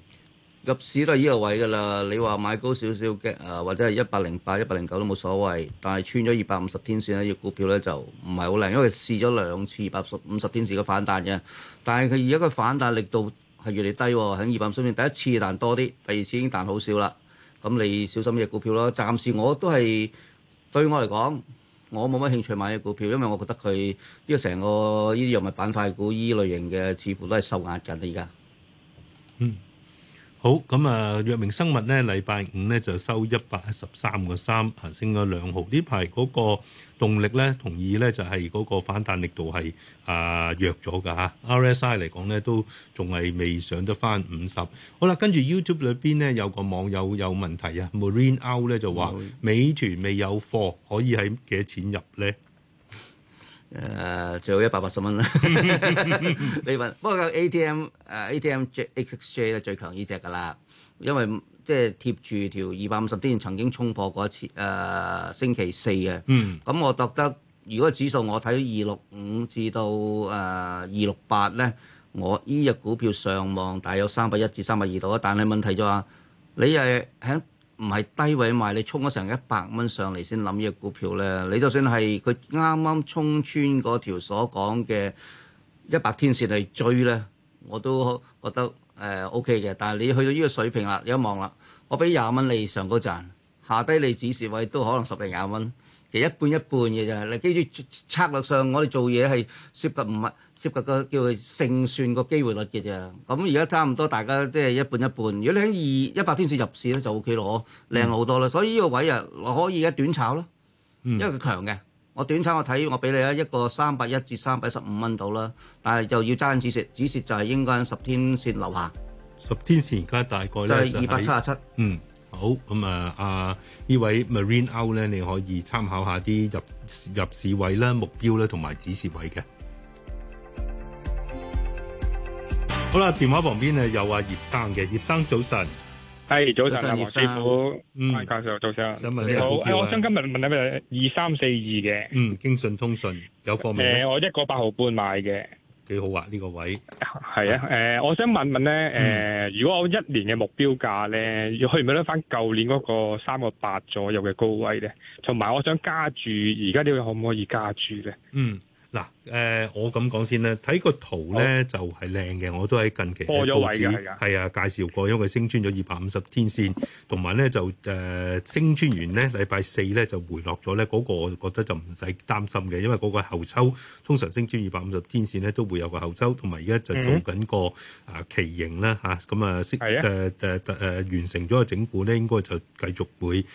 入市都係呢個位㗎啦。你話買高少少嘅啊，或者係一百零八、一百零九都冇所謂。但係穿咗二百五十天線咧，啲股票咧就唔係好靚，因為試咗兩次二百五十天線嘅反彈啫。但係佢而家個反彈力度，係越嚟低喎，喺二百水平第一次彈多啲，第二次已經彈好少啦。咁你小心隻股票咯。暫時我都係對我嚟講，我冇乜興趣買隻股票，因為我覺得佢呢個成個呢啲藥物板塊股呢類型嘅，似乎都係受壓緊啊！依家。好咁啊！藥明生物咧，禮拜五咧就收一百一十三個三行升咗兩毫。呢排嗰個動力咧同意咧就係嗰個反彈力度係啊、呃、弱咗㗎嚇。RSI 嚟講咧都仲係未上得返五十。好啦，跟住 YouTube 裏邊咧有個網友有問題啊，Marine Out 咧就話、嗯、美團未有貨，可以喺幾多錢入咧？誒、uh, 最後一百八十蚊啦， 你問 不過有 A T M 誒、uh, A T M J X J 咧最強呢隻噶啦，因為即係貼住條二百五十天線曾經衝破過一次誒、呃、星期四嘅，咁 我覺得如果指數我睇二六五至到誒二六八咧，我依日股票上望大約三百一至三百二度啊，但係問題就話你係喺。唔係低位賣，你衝咗成一百蚊上嚟先諗呢個股票咧。你就算係佢啱啱衝穿嗰條所講嘅一百天線嚟追咧，我都覺得誒 O K 嘅。但係你去到呢個水平啦，有得望啦。我俾廿蚊你上嗰站，下低你指示位都可能十零廿蚊。其實一半一半嘅咋。你基於策略上，我哋做嘢係涉及唔係涉及個叫做勝算個機會率嘅咋。咁而家差唔多，大家即係一半一半。如果你喺二百天線入市咧，OK，就 O K 咯，靚好多啦。所以呢個位啊，可以一短炒咯，嗯、因為佢強嘅。我短炒我睇，我俾你啊，一個三百一至三百一十五蚊到啦。但係就要揸緊止蝕，止蝕就係應該天十天線留下。十天線咁大概。就係二百七十七。嗯。好咁、哦嗯、啊！阿呢位 Marine Out 咧，你可以參考一下啲入入市位啦、目標咧同埋止蝕位嘅。好啦，電話旁邊咧有阿、啊、葉生嘅，葉生早晨，係早晨，早晨啊，葉生，好，嗯好，早上早上。想問啲股票我想今日問一下咩？二三四二嘅，嗯，京信通信有貨未？呃、我一個八毫半買嘅。幾好、這個、啊！呢個位係啊，誒，我想問問咧，誒、呃，如果我一年嘅目標價咧，要去唔去得翻舊年嗰個三個八左右嘅高位咧？同埋，我想加注，而家呢個可唔可以加注咧？嗯，嗱。誒、呃，我咁講先啦，睇個圖咧好就係靚嘅，我都喺近期嘅報紙係啊介紹過，因為佢升穿咗二百五十天線，同埋咧就誒、呃、升穿完咧，禮拜四咧就回落咗咧，嗰、嗰個我覺得就唔使擔心嘅，因為嗰個後抽通常升穿二百五十天線咧都會有個後抽，同埋而家就在做緊個、嗯呃、奇啊旗形啦吓咁啊識誒誒誒完成咗個整固咧，應該就繼續會誒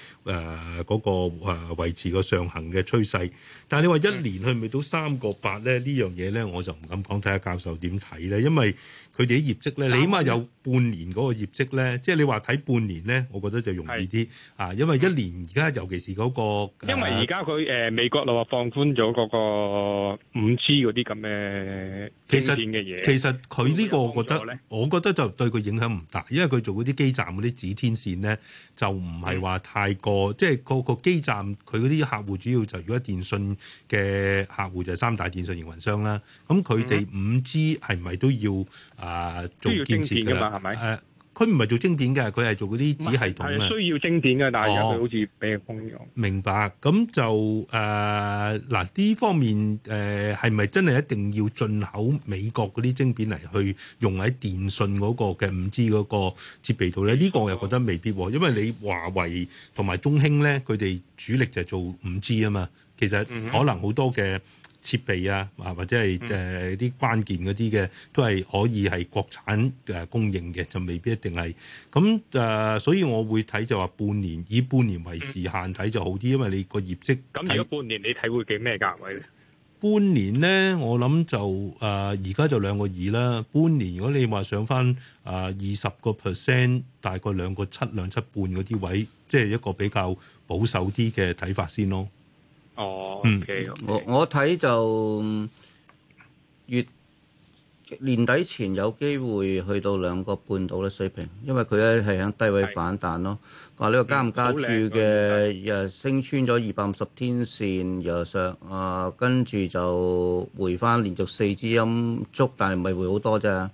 嗰個誒維持個上行嘅趨勢。但係你話一年去未到三個八？嗯呢樣嘢咧，我就唔敢講，睇下教授點睇咧，因為佢哋啲業績咧， 你起碼有。半年嗰個業績咧，即係你話睇半年咧，我覺得就容易啲啊，是因為一年而家尤其是嗰、那個，因為而家佢誒美國又話放寬咗嗰個五 G 嗰啲咁嘅基建嘅嘢。其實佢呢個我覺得，我覺得就對佢影響唔大，因為佢做嗰啲基站嗰啲指天線咧，就唔係話太過，是即係個個基站佢嗰啲客戶主要就如果電信嘅客戶就係三大電信營運商啦，咁佢哋五 G 係咪都要？啊，做建設噶嘛，係咪？誒，佢唔係做晶片嘅，佢係做嗰啲子系統啊。需要晶片嘅、啊，但係佢好似俾封咗。明白，咁就誒嗱，呢、呃、方面誒係咪真係一定要進口美國嗰啲晶片嚟去用喺電信嗰個嘅五 G 嗰個設備度咧？呢錯個我又覺得未必，因為你華為同埋中興咧，佢哋主力就係做五 G 啊嘛。其實可能好多嘅。嗯設備啊，或者係誒啲關鍵嗰啲嘅，都係可以係國產誒供應嘅，就未必一定係。咁誒、呃，所以我會睇就話半年，以半年為時限睇就好啲，因為你個業績。咁睇咗半年你睇會幾咩價位咧？半年咧，我諗就誒而家就兩個二啦。半年如果你話上翻啊二十個 percent，大概兩個七兩七半嗰啲位，即係一個比較保守啲嘅睇法先咯。哦、oh, okay, okay，我我睇就月年底前有機會去到兩個半島嘅水平，因為佢咧係喺低位反彈咯。話你話加唔加注嘅又、嗯、升穿咗二百五十天線，又上啊，跟住就回翻連續四支陰燭，但係唔係回好多咋。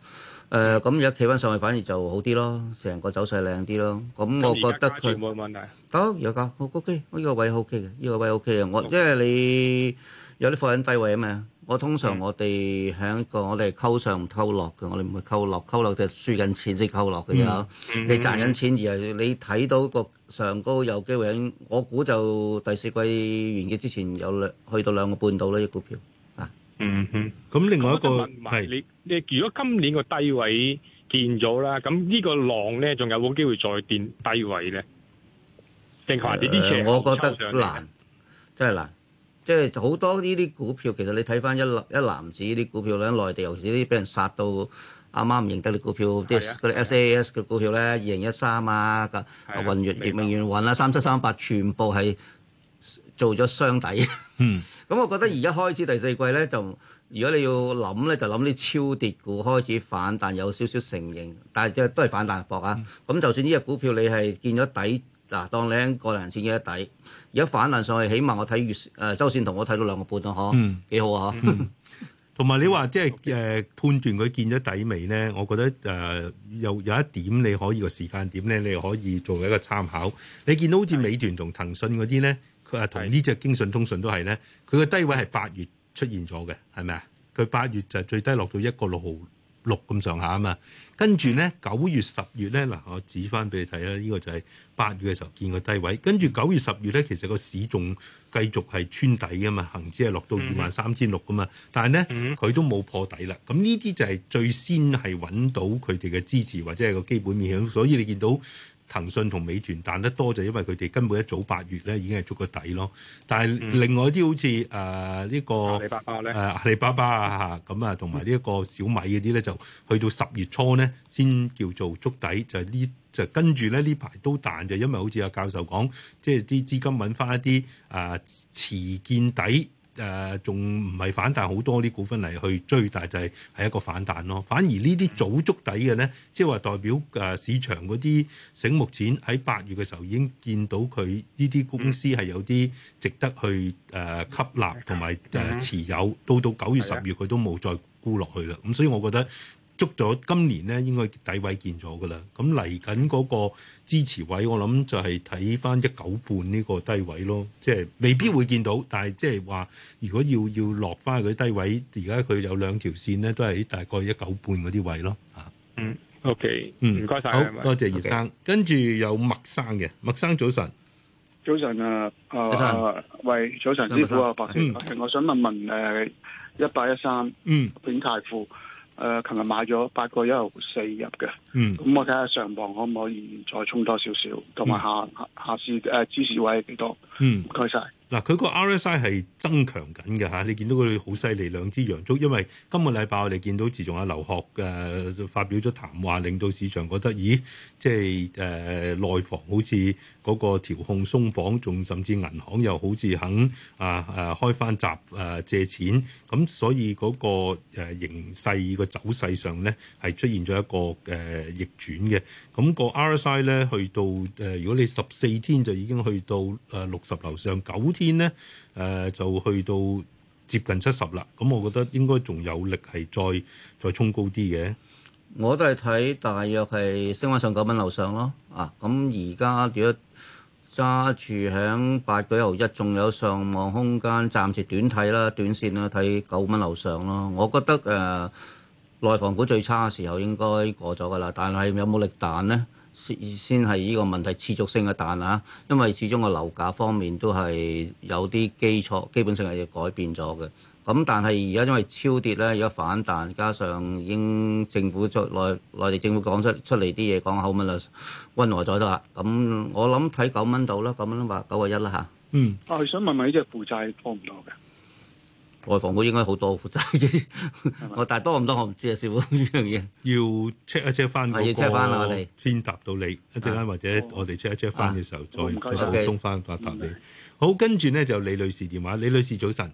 誒咁而家企翻上去反而就好啲咯，成個走勢靚啲咯。咁、嗯、我覺得佢冇問題。哦、搞我得，有交，O K，呢個位 O K 嘅，呢個位 O K 嘅。我因為你有啲貨緊低位啊嘛。我通常我哋喺個我哋係溝上唔溝落嘅，我哋唔會溝落，溝落就輸緊錢先溝落嘅啫。嚇、嗯，你賺緊錢而係你睇到個上高有機會我估就第四季完結之前有兩去到兩個半度啦，啲、這個、股票。嗯哼，咁另外一個係是你你如果今年個低位見咗啦，咁呢個浪咧仲有冇機會再跌低位咧？誒、呃，我覺得難，真係難，即係好多呢啲股票，其實你睇翻一籃一籃子啲股票咧，內地尤其是啲俾人殺到阿媽唔認得啲股票，啲嗰啲 SAS 嘅股票咧，二零一三啊，個雲原、雲原雲啊，三七三八，全部係做咗雙底。嗯。咁我覺得而家開始第四季咧，就如果你要諗咧，就諗啲超跌股開始反彈，有少少承認，但係都係反彈博啊。咁、嗯、就算呢隻股票你係見咗底，嗱，當你啲個人錢嘅底，而家反彈上去，起碼我睇月誒週、呃、線同我睇到兩個半啊，嗬，幾、嗯、好啊。同埋、嗯 嗯、你話即係誒、嗯、判斷佢見咗底未咧？我覺得誒、呃、有有一點你可以個時間點咧，你可以做一個參考。你見到好似美團同騰訊嗰啲咧。佢同呢隻京信通訊都係呢，佢個低位係八月出現咗嘅，係咪啊？佢八月就最低落到一個六毫六咁上下啊嘛。跟住呢，九月十月呢，嗱，我指翻俾你睇啦，呢、這個就係八月嘅時候見個低位，跟住九月十月呢，其實個市仲繼續係穿底啊嘛，恒指係落到二萬三千六啊嘛，但係呢，佢、嗯、都冇破底啦。咁呢啲就係最先係揾到佢哋嘅支持或者係個基本面響，所以你見到。騰訊同美團彈得多就因為佢哋根本一早八月咧已經係捉個底咯，但係另外啲好似誒呢個阿里巴巴咧、呃，阿里巴巴啊嚇咁啊，同埋呢一個小米嗰啲咧就去到十月初咧先叫做捉底，就係、是、呢就跟住咧呢排都彈就是、因為好似阿教授講，即係啲資金揾翻一啲誒持見底。誒仲唔係反彈好多啲股份嚟去追，但就係一個反彈咯。反而呢啲早足底嘅咧，即係話代表誒、呃、市場嗰啲醒目錢喺八月嘅時候已經見到佢呢啲公司係有啲值得去誒、呃、吸納同埋誒持有，到到九月十月佢都冇再沽落去啦。咁所以我覺得。捉咗今年咧，應該底位見咗㗎喇。咁嚟緊嗰個支持位，我諗就係睇翻一九半呢個低位咯。即係未必會見到，但係即係話，如果要要落翻嗰低位，而家佢有兩條線咧，都係大概一九半嗰啲位咯。啊，嗯，OK，嗯，唔該晒。謝謝好、嗯、多謝葉生。okay. 跟住有麥生嘅，麥生早晨，早晨啊，啊、哦、喂，早晨，師傅啊，白、嗯嗯、我想問問誒，一八一三，嗯，永泰富。嗯嗯誒琴日買咗八個一毫四入嘅，咁我睇下上磅可唔可以再衝多、呃、多少少，同埋下下次誒支持位係幾多？嗯，唔該晒。嗱，佢個 RSI 係增強緊嘅吓，你見到佢好犀利，兩支陽燭，因為今個禮拜我哋見到自從劉鶴誒發表咗談話令到市場覺得，咦，即係誒內房好似嗰個調控鬆綁仲甚至銀行又好似肯啊誒、啊、開翻閘誒借錢，咁所以嗰個誒形勢個走勢上咧係出現咗一個誒、啊、逆轉嘅，咁、那個 RSI 咧去到誒、呃、如果你十四天就已經去到誒六十樓上九。邊咧？誒、嗯、就去到接近七十啦，咁、嗯、我覺得應該仲有力係再再衝高啲嘅。我都係睇大約係升翻上九蚊樓上咯，啊！咁而家如果揸住響八九一毫一，仲有上望空間，暫時短睇啦，短線啦，睇九蚊樓上咯。我覺得誒、呃、內房股最差嘅時候應該過咗噶啦，但係有冇力彈咧？先係呢個問題持續性嘅彈吓，因為始終個樓價方面都係有啲基礎，基本上係改變咗嘅。咁但係而家因為超跌咧，而家反彈，加上英政府在內內地政府講出出嚟啲嘢講口吻啦，温和咗得啦。咁我諗睇九蚊度啦，九蚊八九個一啦嚇。嗯。啊，想問問呢隻負債多唔多嘅？外房股應該好多負責嘅，我但係多唔多我唔知啊，師傅呢樣嘢。要 check 一 check 翻係要 check 翻啦，我哋先答到你一陣啦，或者我哋 check 一 check 翻嘅時候再再補充翻發達你。好，跟住咧就李女士電話，李女士早晨，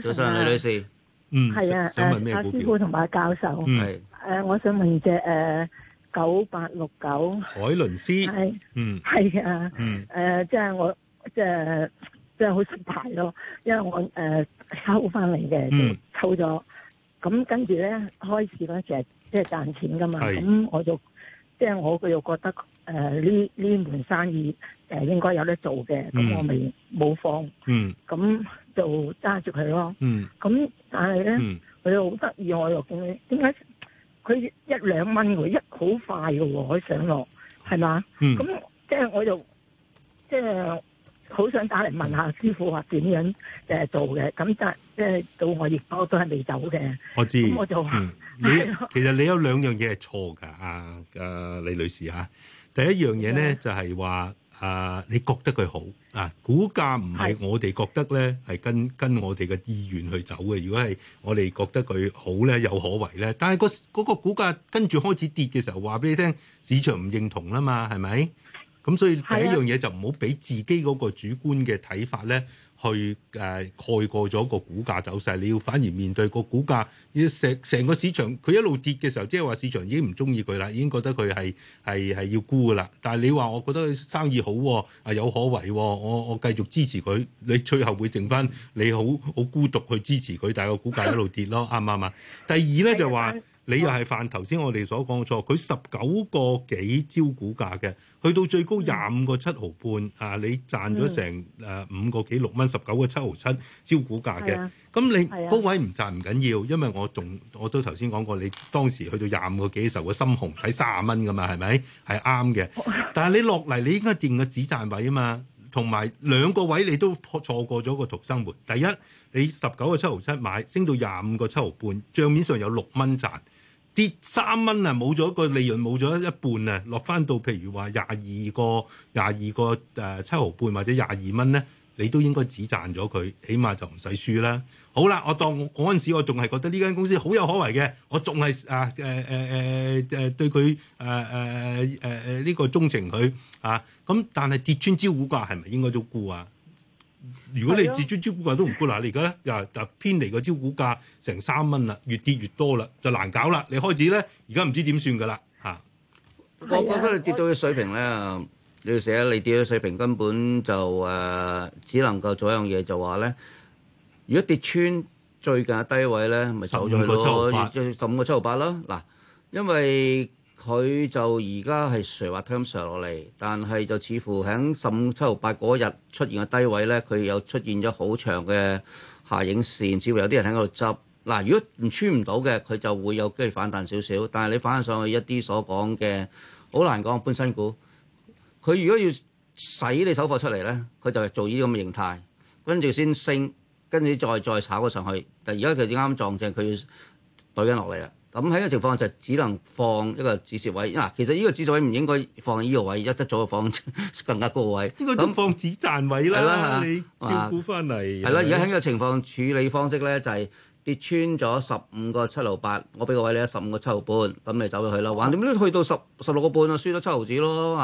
早晨李女士，嗯，係啊，想問咩？阿師傅同埋教授，嗯，誒，我想問隻誒九八六九，海倫斯，係，嗯，係啊，嗯，誒，即係我即係。即係好失敗咯，因為我誒收翻嚟嘅，抽咗咁，跟住咧開始嗰陣時係即係賺錢噶嘛，咁是、嗯、我就即係我佢又覺得誒呢呢門生意誒、呃、應該有得做嘅，咁、嗯嗯嗯、我咪冇放，咁就揸住佢咯。咁但係咧佢又好得意，我又點解佢一兩蚊佢一好快嘅喎可以上落係嘛？咁即係我就即係。就是好想打嚟問下師傅話點樣誒做嘅，咁即係即係到我亦我都係未走嘅。我知，咁我就話你其實你有兩樣嘢係錯㗎，阿阿李女士啊，第一樣嘢咧就係話啊，你覺得佢好啊，股價唔係我哋覺得咧係跟跟我哋嘅意願去走嘅。如果係我哋覺得佢好咧有可為咧，但係個嗰個股價跟住開始跌嘅時候，話俾你聽，市場唔認同啦嘛，係咪？咁、嗯、所以第一樣嘢就唔好俾自己嗰個主觀嘅睇法咧，去誒、呃、蓋過咗個股價走勢。你要反而面對個股價，成成個市場佢一路跌嘅時候，即係話市場已經唔中意佢啦，已經覺得佢係係係要沽㗎啦。但係你話，我覺得生意好啊，有可為，啊，我我繼續支持佢。你最後會剩翻你好好孤獨去支持佢，但係個股價一路跌咯，啱唔啱啊？第二咧 就話。你又係犯頭先我哋所講嘅錯，佢十九個幾招股價嘅，去到最高廿五個七毫半啊！你賺咗成誒五個幾六蚊，十九個七毫七招股價嘅，咁、嗯、你高位唔賺唔緊要，因為我仲我都頭先講過，你當時去到廿五個幾時候個心紅睇卅蚊㗎嘛，係咪係啱嘅？但係你落嚟你應該定個止賺位啊嘛，同埋兩個位你都錯過咗個淘生活。第一，你十九個七毫七買，升到廿五個七毫半，帳面上有六蚊賺。跌三蚊啊，冇咗個利潤，冇咗一半啊，落翻到譬如話廿二個、廿二個誒七、呃、毫半或者廿二蚊咧，你都應該只賺咗佢，起碼就唔使輸啦。好啦，我當嗰陣時我仲係覺得呢間公司好有可為嘅，我仲係啊誒誒誒誒對佢誒誒誒誒呢個鍾情，佢啊。咁但係跌穿招股價係咪應該都沽啊？如果你自尊招股價都唔沽嗱，你而家咧又就偏離個招股價成三蚊啦，越跌越多啦，就難搞啦。你開始咧，而家唔知點算噶啦嚇。我覺得你跌到嘅水平咧，你成日你跌到水平根本就誒、呃，只能夠做一樣嘢就話咧，如果跌穿最近嘅低位咧，咪就係攞十五個七毫八囉。嗱，因為佢就而家係隨話推咁隨落嚟，但係就似乎喺十五、七號、八嗰日出現嘅低位咧，佢又出現咗好長嘅下影線，似乎有啲人喺度執。嗱，如果唔穿唔到嘅，佢就會有機會反彈少少。但係你反上去一啲所講嘅，好難講。本身股佢如果要使你手貨出嚟咧，佢就係做呢啲咁嘅形態，跟住先升，跟住再再再炒咗上去。但而家頭先啱撞正，佢要倒緊落嚟啦。咁喺呢個情況就只能放一個止蝕位。嗱、啊，其實呢個止蝕位唔應該放喺呢個位，一得咗就放更加高嘅位。應該都樣放止賺位啦。係啦、啊，你收股翻嚟。係啦、啊，而家喺呢個情況處理方式咧，就係、是、跌穿咗十五個七毫八，我俾個位你十五個七毫半，咁你走咗去啦。橫掂都去到十十六個半啊，輸咗七毫子咯嚇。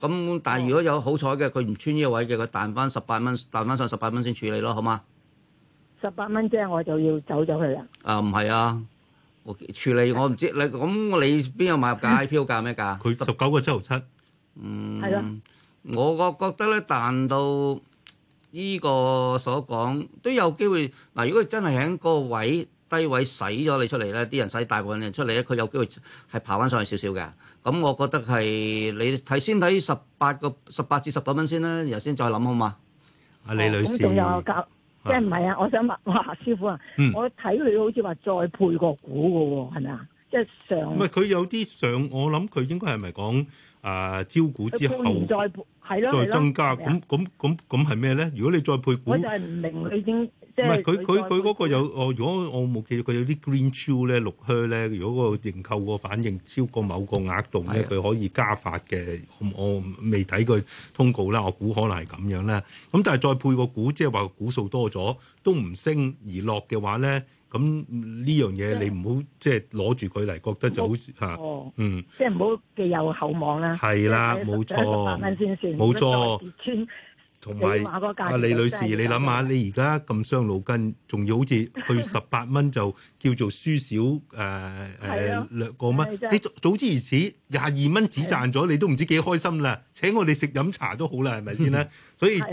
咁、啊、但係如果有好彩嘅，佢唔穿呢個位嘅，佢彈翻十八蚊，彈翻上十八蚊先處理咯，好嗎？十八蚊即係我就要走咗去啦。啊，唔係啊。我處理我唔知你咁，你邊有買入㗎？IPO 價咩價？佢十九個七毫七。嗯，係咯。我個覺得咧，彈到呢個所講都有機會。嗱，如果真係喺嗰個位低位使咗你出嚟咧，啲人使大部分人出嚟咧，佢有機會係爬翻上去少少嘅。咁我覺得係你睇先睇十八個十八至十九蚊先啦，然後先再諗好嘛。阿李、啊、女士。嗯即係唔係啊？我想問，哇，師傅啊，嗯、我睇佢好似話再配個股噶喎、哦，係咪啊？即係上唔係佢有啲上，我諗佢應該係咪講誒招股之後再再增加？咁咁咁咁係咩咧？如果你再配股，我就係唔明佢，已經。唔係佢佢佢嗰個有哦，如果我冇記錯，佢有啲 green shoe 咧，綠鞋咧，如果個認購個反應超過某個額度咧，佢可以加發嘅。我未睇佢通告啦，我估可能係咁樣啦。咁但係再配個股，即係話股數多咗都唔升而落嘅話咧，咁呢樣嘢你唔好即係攞住佢嚟覺得就好嚇、嗯，嗯、哦，即係唔好寄有厚望啦。係啦，冇錯，冇錯。同埋阿李女士，你諗下，你而家咁傷腦筋，仲要好似去十八蚊就叫做輸少誒誒兩個蚊。啊、你早知如此，廿二蚊止賺咗，啊、你都唔知幾開心啦！請我哋食飲茶都好啦，係咪先啦？嗯、所以止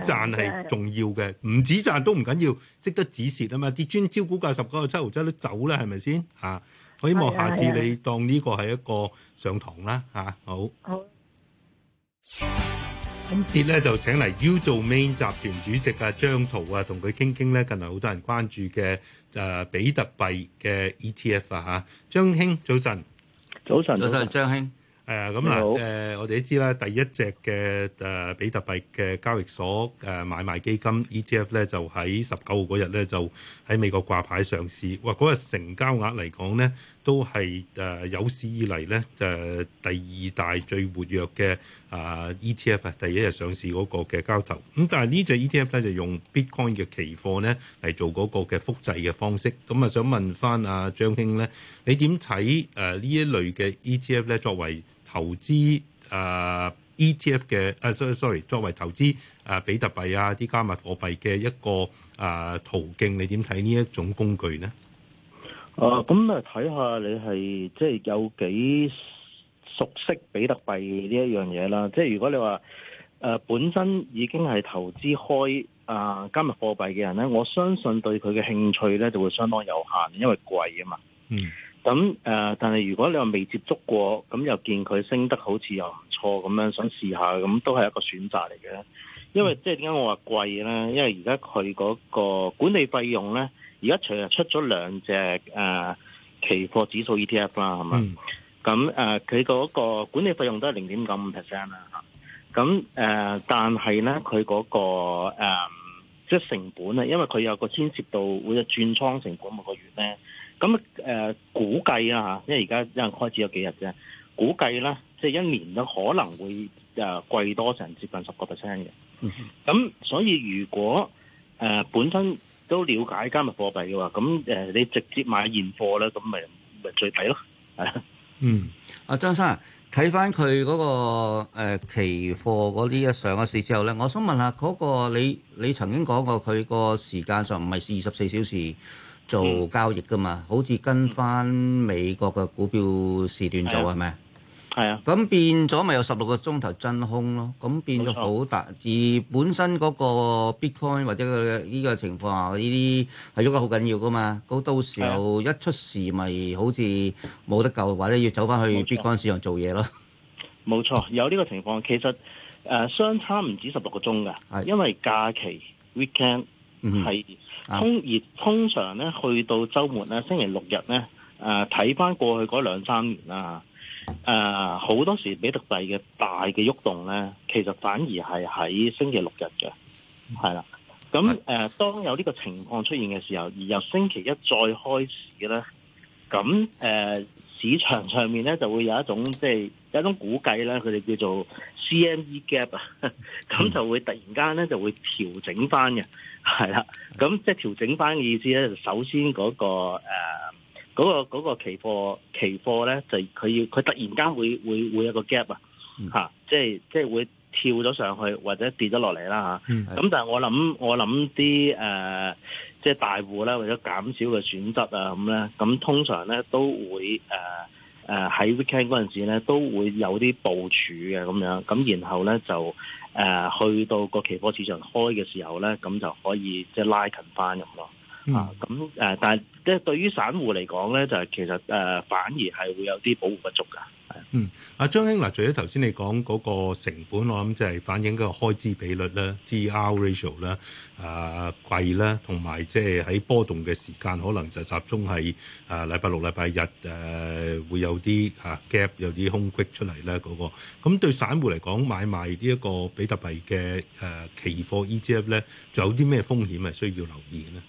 賺係重要嘅，唔止、啊啊啊、賺都唔緊要，識得止蝕啊嘛！跌穿招股價十九個七毫仔都走啦，係咪先啊？我希望下次你當呢個係一個上堂啦，嚇、啊、好。今次咧就請嚟 Udomain 集團主席啊張濤啊，同佢傾傾咧近嚟好多人關注嘅誒、呃、比特幣嘅 ETF 啊，張兄早晨，早晨早晨張兄。晨誒咁嗱，誒我哋都知啦，第一隻嘅誒比特幣嘅交易所誒買賣基金 ETF 咧，就喺十九號嗰日咧，就喺美國掛牌上市。哇！嗰日成交額嚟講咧，都係誒有史以嚟咧誒第二大最活躍嘅啊 ETF 啊，第一日上市嗰個嘅交投。咁但係呢隻 ETF 咧就用 Bitcoin 嘅期貨咧嚟做嗰個嘅複製嘅方式。咁啊，想問翻阿張兄咧，你點睇誒呢一類嘅 ETF 咧作為？投資誒、uh, ETF 嘅誒、uh, sorry，sorry，作為投資誒、uh, 比特幣啊啲加密貨幣嘅一個誒、uh, 途徑，你點睇呢一種工具呢？誒、呃，咁啊，睇下你係即係有幾熟悉比特幣呢一樣嘢啦。即係如果你話誒、呃、本身已經係投資開啊、呃、加密貨幣嘅人咧，我相信對佢嘅興趣咧就會相當有限，因為貴啊嘛。嗯。咁誒、呃，但係如果你話未接觸過，咁又見佢升得好似又唔錯咁樣，想試下咁都係一個選擇嚟嘅。因為、嗯、即係點解我話貴咧？因為而家佢嗰個管理費用咧，而家除咗出咗兩隻誒、呃、期貨指數 ETF 啦，係嘛？咁誒、嗯，佢嗰、呃、個管理費用都係零點九五 percent 啦。嚇，咁、呃、誒，但係咧，佢嗰、那個即係、呃就是、成本咧，因為佢有個牽涉到會有轉倉成本每個月咧。咁誒、呃、估計啦嚇，因為而家因為開始有幾日啫，估計咧即係一年都可能會誒、呃、貴多成接近十個 percent 嘅。咁所以如果誒、呃、本身都了解加密貨幣嘅話，咁誒、呃、你直接買現貨咧，咁咪咪最抵咯，係啦。嗯，阿張生睇翻佢嗰個、呃、期貨嗰啲嘅上個市之後咧，我想問下嗰個你你曾經講過佢個時間上唔係二十四小時。做交易噶嘛，好似跟翻美國嘅股票時段做係咪？係、嗯、吧啊，咁、啊、變咗咪有十六個鐘頭真空咯。咁變咗好大，而錯本身嗰個 Bitcoin 或者呢個情況下，呢啲係喐得好緊要噶嘛。咁到時候一出事，咪好似冇得救，或者要走翻去 Bitcoin 市場做嘢咯。冇錯， 錯，有呢個情況。其實誒、呃、相差唔止十六個鐘噶，的因為假期 weekend 係。Week end，嗯哼通而通常咧，去到周末咧，星期六日咧，誒睇翻過去嗰兩三年啦，誒、呃、好多時，比特幣嘅大嘅喐動咧，其實反而係喺星期六日嘅，係啦。咁誒、呃，當有呢個情況出現嘅時候，而由星期一再開始咧，咁、呃、誒市場上面咧就會有一種即係。有一種估計咧，佢哋叫做 CME gap 啊，咁就會突然間咧就會調整翻嘅，係啦，咁即係調整翻意思咧，首先嗰、嗰個誒嗰、呃嗰個嗰個期貨期貨咧，就佢要佢突然間會會會有個 gap、嗯、啊，嚇，即係即係會跳咗上去或者跌咗落嚟啦嚇，咁、啊嗯、但係我諗我諗啲誒即係大戶咧，為咗減少嘅損失啊咁咧，咁通常咧都會誒。呃呃誒喺 weekend 嗰陣時咧都會有啲部署嘅咁樣，樣，咁然後咧就誒、呃、去到個期貨市場開嘅時候咧，咁就可以即係拉近翻咁咯。啊，咁誒、嗯，嗯、但係即係對於散戶嚟講咧，就係其實誒、呃，反而係會有啲保護不足噶。嗯，阿、啊、張興，嗱、啊，除咗頭先你講嗰、那個成本，我諗即係反映個開支比率啦、T R ratio 啦、啊、誒貴咧，同埋即係喺波動嘅時間，可能就集中係誒禮拜六、禮拜日誒、啊、會有啲吓、啊、gap，有啲空隙出嚟咧。嗰、那個咁、那個、對散戶嚟講，買賣呢一個比特幣嘅誒、啊、期貨 E T F 咧，啊、仲有啲咩風險係需要留意嘅咧？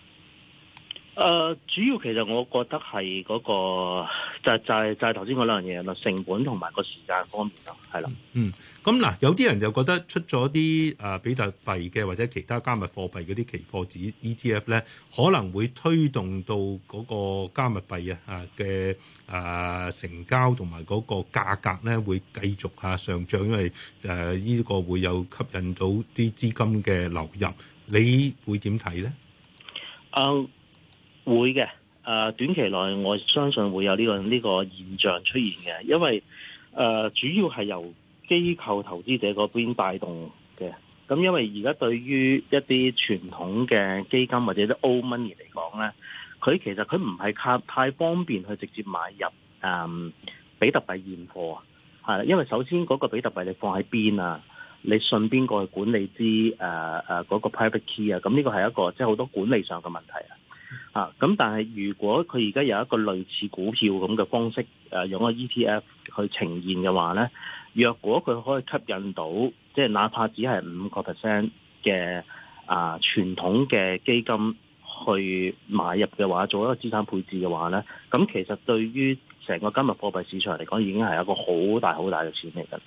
誒，uh, 主要其實我覺得係嗰、嗰個就係、就係就係頭先嗰兩樣嘢啦，成本同埋個時間方面啦，係啦、嗯。嗯，咁嗱，有啲人就覺得出咗啲誒比特幣嘅或者其他加密貨幣嗰啲期貨指 ETF 咧，可能會推動到嗰個加密幣啊嘅誒成交同埋嗰個價格咧會繼續啊上漲，因為誒呢個會有吸引到啲資金嘅流入。你會點睇咧？誒。Uh, 會嘅，誒、呃、短期內我相信會有呢、這個呢、這個現象出現嘅，因為誒、呃、主要係由機構投資者嗰邊帶動嘅。咁、嗯、因為而家對於一啲傳統嘅基金或者啲 old money 嚟講咧，佢其實佢唔係太方便去直接買入誒、嗯、比特幣現貨啊。係，因為首先嗰個比特幣你放喺邊啊？你信邊個去管理資誒誒嗰個 private key 啊？咁、那、呢個係、嗯這個、一個即係好多管理上嘅問題啊。啊，咁但係如果佢而家有一個類似股票咁嘅方式，誒、啊，用個 ETF 去呈現嘅話咧，若果佢可以吸引到，即係哪怕只係五個 percent 嘅啊，傳統嘅基金去買入嘅話，做一個資產配置嘅話咧，咁、啊、其實對於成個今日貨幣市場嚟講，已經係一個好大好大嘅錢嚟嘅，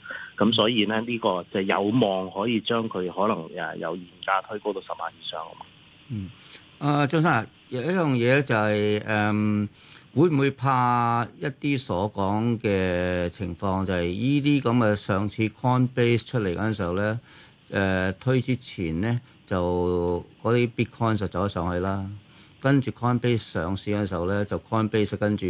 咁、啊、所以咧呢、呢個就有望可以將佢可能誒有現價推高到十萬以上啊嘛。嗯，啊，張生有一樣嘢咧，就係誒，會唔會怕一啲所講嘅情況？就係依啲咁嘅上次 Coinbase 出嚟嗰陣時候咧，誒、呃、推之前咧，就嗰啲 Bitcoin 就走咗上去啦。跟住 Coinbase 上市嗰陣時候咧，就 Coinbase 跟住。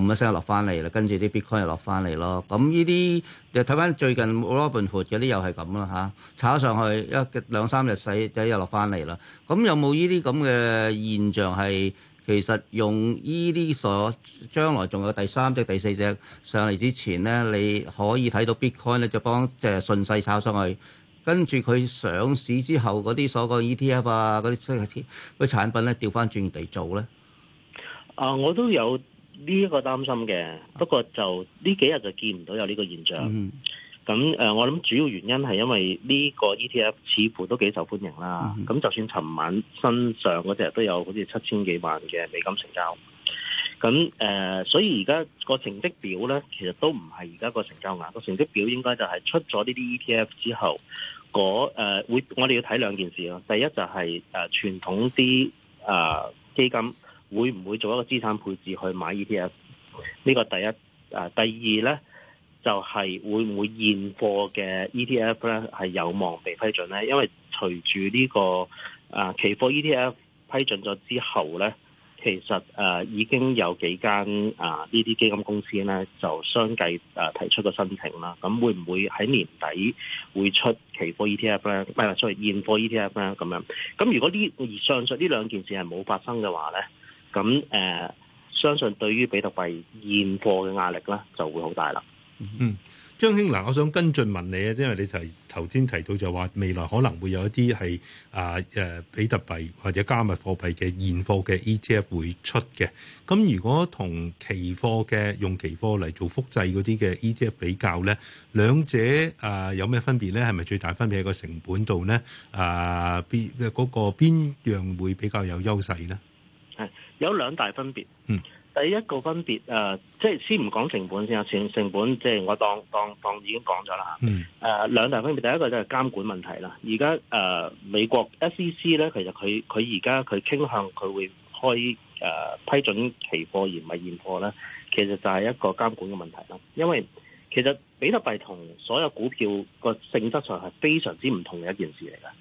咁一聲，落翻嚟啦。跟住啲 Bitcoin 又落翻嚟咯。咁呢啲又睇翻最近 Robin Hood 嗰啲，又係咁啦吓，炒上去一兩三日洗，仔又落翻嚟啦。咁有冇呢啲咁嘅現象係其實用呢啲所將來仲有第三隻、第四隻上嚟之前咧，你可以睇到 Bitcoin 咧，就幫即係順勢炒上去。跟住佢上市之後嗰啲所講 ETF 啊，嗰啲新嘅啲產品咧，調翻轉地做咧。啊，我都有。呢一個擔心嘅，不過就呢幾日就見唔到有呢個現象。咁誒、mm hmm. 呃，我諗主要原因係因為呢個 ETF 似乎都幾受歡迎啦。咁、mm hmm. 就算尋晚身上嗰隻都有好似七千幾萬嘅美金成交。咁誒、呃，所以而家個成績表呢，其實都唔係而家個成交額。個成績表應該就係出咗呢啲 ETF 之後，嗰誒、呃、會、我哋要睇兩件事啊。第一就係、是、誒、呃、傳統啲誒、呃、基金。會唔會做一個資產配置去買 ETF？呢個第一，誒，第二呢，就係、是、會唔會現貨嘅 ETF 呢係有望被批准呢？因為隨住呢、這個誒、呃、期貨 ETF 批准咗之後呢，其實誒、呃、已經有幾間誒呢啲基金公司呢就相繼誒、呃、提出個申請啦。咁會唔會喺年底會出期貨 ETF 呢？唔係，出現貨 ETF 呢咁樣。咁如果呢上述呢兩件事係冇發生嘅話呢。咁誒、呃，相信對於比特幣現貨嘅壓力咧，就會好大啦。嗯，張興嗱，我想跟進問你啊，因為你提頭先提到就話未來可能會有一啲係啊誒、啊、比特幣或者加密貨幣嘅現貨嘅 ETF 會出嘅。咁如果同期貨嘅用期貨嚟做複製嗰啲嘅 ETF 比較咧，兩者啊有咩分別咧？係咪最大分別喺個成本度咧？啊邊嘅嗰個邊樣會比較有優勢咧？有兩大分別，嗯、第一個分別誒、呃，即係先唔講成本先啊，成成本即係我當當當已經講咗啦吓。誒、嗯，兩、呃、大分別，第一個就係監管問題啦。而家誒，美國 SEC 咧，其實佢佢而家佢傾向佢會開誒、呃、批准期貨而唔係現貨咧，其實就係一個監管嘅問題啦。因為其實比特幣同所有股票個性質上係非常之唔同嘅一件事嚟㗎。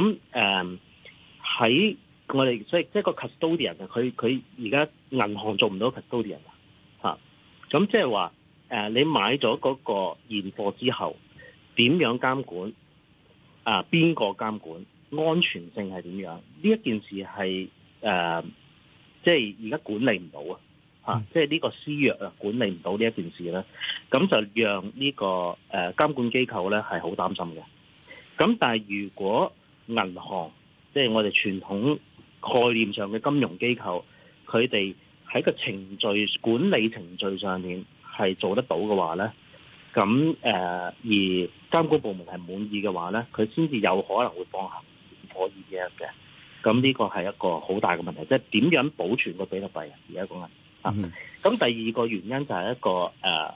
咁誒喺我哋所以即係、就是、個 custodian 啊，佢佢而家銀行做唔到 custodian 啦、啊，嚇咁即係話誒你買咗嗰個現貨之後，點樣監管啊？邊、呃、個監管？安全性係點樣？呢一件事係誒即係而家管理唔到啊！嚇、嗯，即係呢個私鑰啊，管理唔到呢一件事啦，咁就讓呢、這個誒、呃、監管機構咧係好擔心嘅。咁但係如果銀行即係、就是、我哋傳統，概念上嘅金融機構，佢哋喺個程序管理程序上面係做得到嘅話呢。咁誒、呃、而監管部門係滿意嘅話呢，佢先至有可能會放行可以嘅。咁呢個係一個好大嘅問題，即係點樣保存個比特幣、mm hmm. 啊？而家講緊，咁第二個原因就係一個誒呢、呃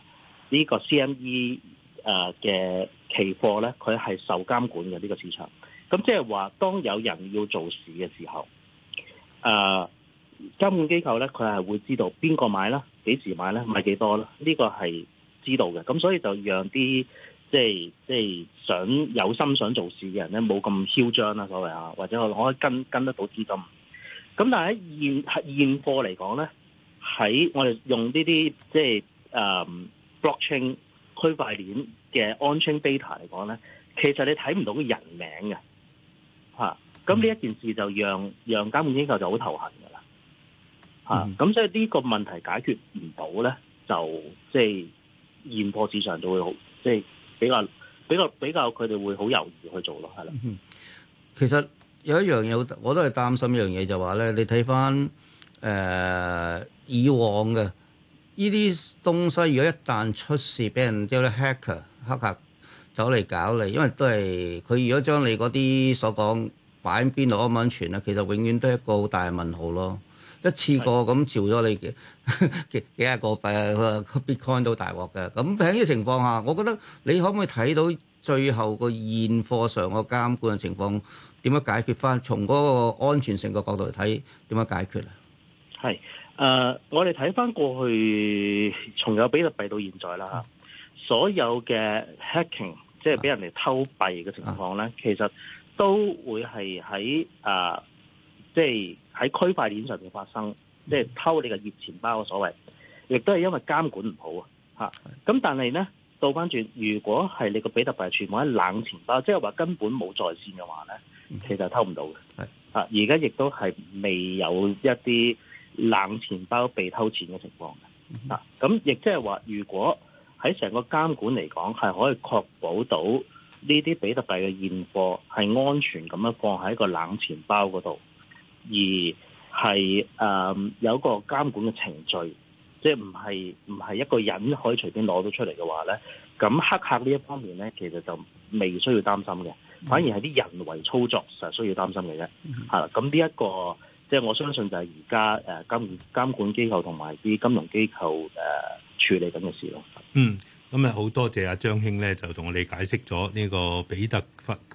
這個 CME 誒、呃、嘅期貨呢，佢係受監管嘅呢、這個市場。咁即係話，當有人要做市嘅時候。誒，監管機構咧，佢係會知道邊個買啦，幾時買咧，買幾多啦，呢、這個係知道嘅，咁所以就讓啲即係即係想有心想，想做事嘅人咧，冇咁囂張啦，所謂啊，或者我我可以跟跟得到資金。咁但係喺現喺現貨嚟講咧，喺我哋用、嗯、呢啲即係誒 blockchain 區塊鏈嘅 onchain beta 嚟講咧，其實你睇唔到個人名嘅吓。啊咁呢一件事就讓讓監管機構就好頭痕噶啦，嚇、嗯！咁所以呢個問題解決唔到咧，就即係現貨市場就會好即係比較比較比較佢哋會好猶豫去做咯，係啦、嗯。其實有一樣嘢我都係擔心一樣嘢，就話、是、咧，你睇翻誒以往嘅呢啲東西，如果一旦出事，俾人即係啲黑客黑客走嚟搞你，因為都係佢如果將你嗰啲所講。擺邊度安唔安全啊？其實永遠都係一個好大嘅問號咯。一次過咁照咗你的 幾幾廿個幣啊，Bitcoin 都大鑊嘅。咁喺呢個情況下，我覺得你可唔可以睇到最後個現貨上個監管嘅情況點樣解決翻？從嗰個安全性嘅角度嚟睇，點樣解決啊？係誒、呃，我哋睇翻過去從有比特幣到現在啦，啊、所有嘅 hacking，即係俾人哋偷幣嘅情況咧，啊啊、其實。都會係喺啊，即係喺區塊鏈上面發生，即係偷你嘅熱錢包嘅所謂，亦都係因為監管唔好啊。嚇，咁但係咧倒翻轉，如果係你個比特幣全部喺冷錢包，即係話根本冇在線嘅話咧，其實係偷唔到嘅。嚇、啊，而家亦都係未有一啲冷錢包被偷錢嘅情況。啊，咁亦即係話，如果喺成個監管嚟講係可以確保到。呢啲比特幣嘅現貨係安全咁樣放喺一個冷錢包嗰度，而係誒、呃、有一個監管嘅程序，即係唔係唔係一個人可以隨便攞到出嚟嘅話咧，咁黑客呢一方面咧，其實就未需要擔心嘅，反而係啲人為操作實需要擔心嘅啫。係啦、嗯，咁呢一個即係、就是、我相信就係而家誒監監管機構同埋啲金融機構誒、呃、處理緊嘅事咯。嗯。咁啊，好多謝阿張兄咧，就同我哋解釋咗呢個比特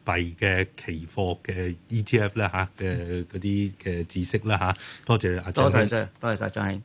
幣嘅期貨嘅 ETF 啦嚇嘅嗰啲嘅知識啦嚇，多謝阿張。多謝多謝，多謝曬張兄。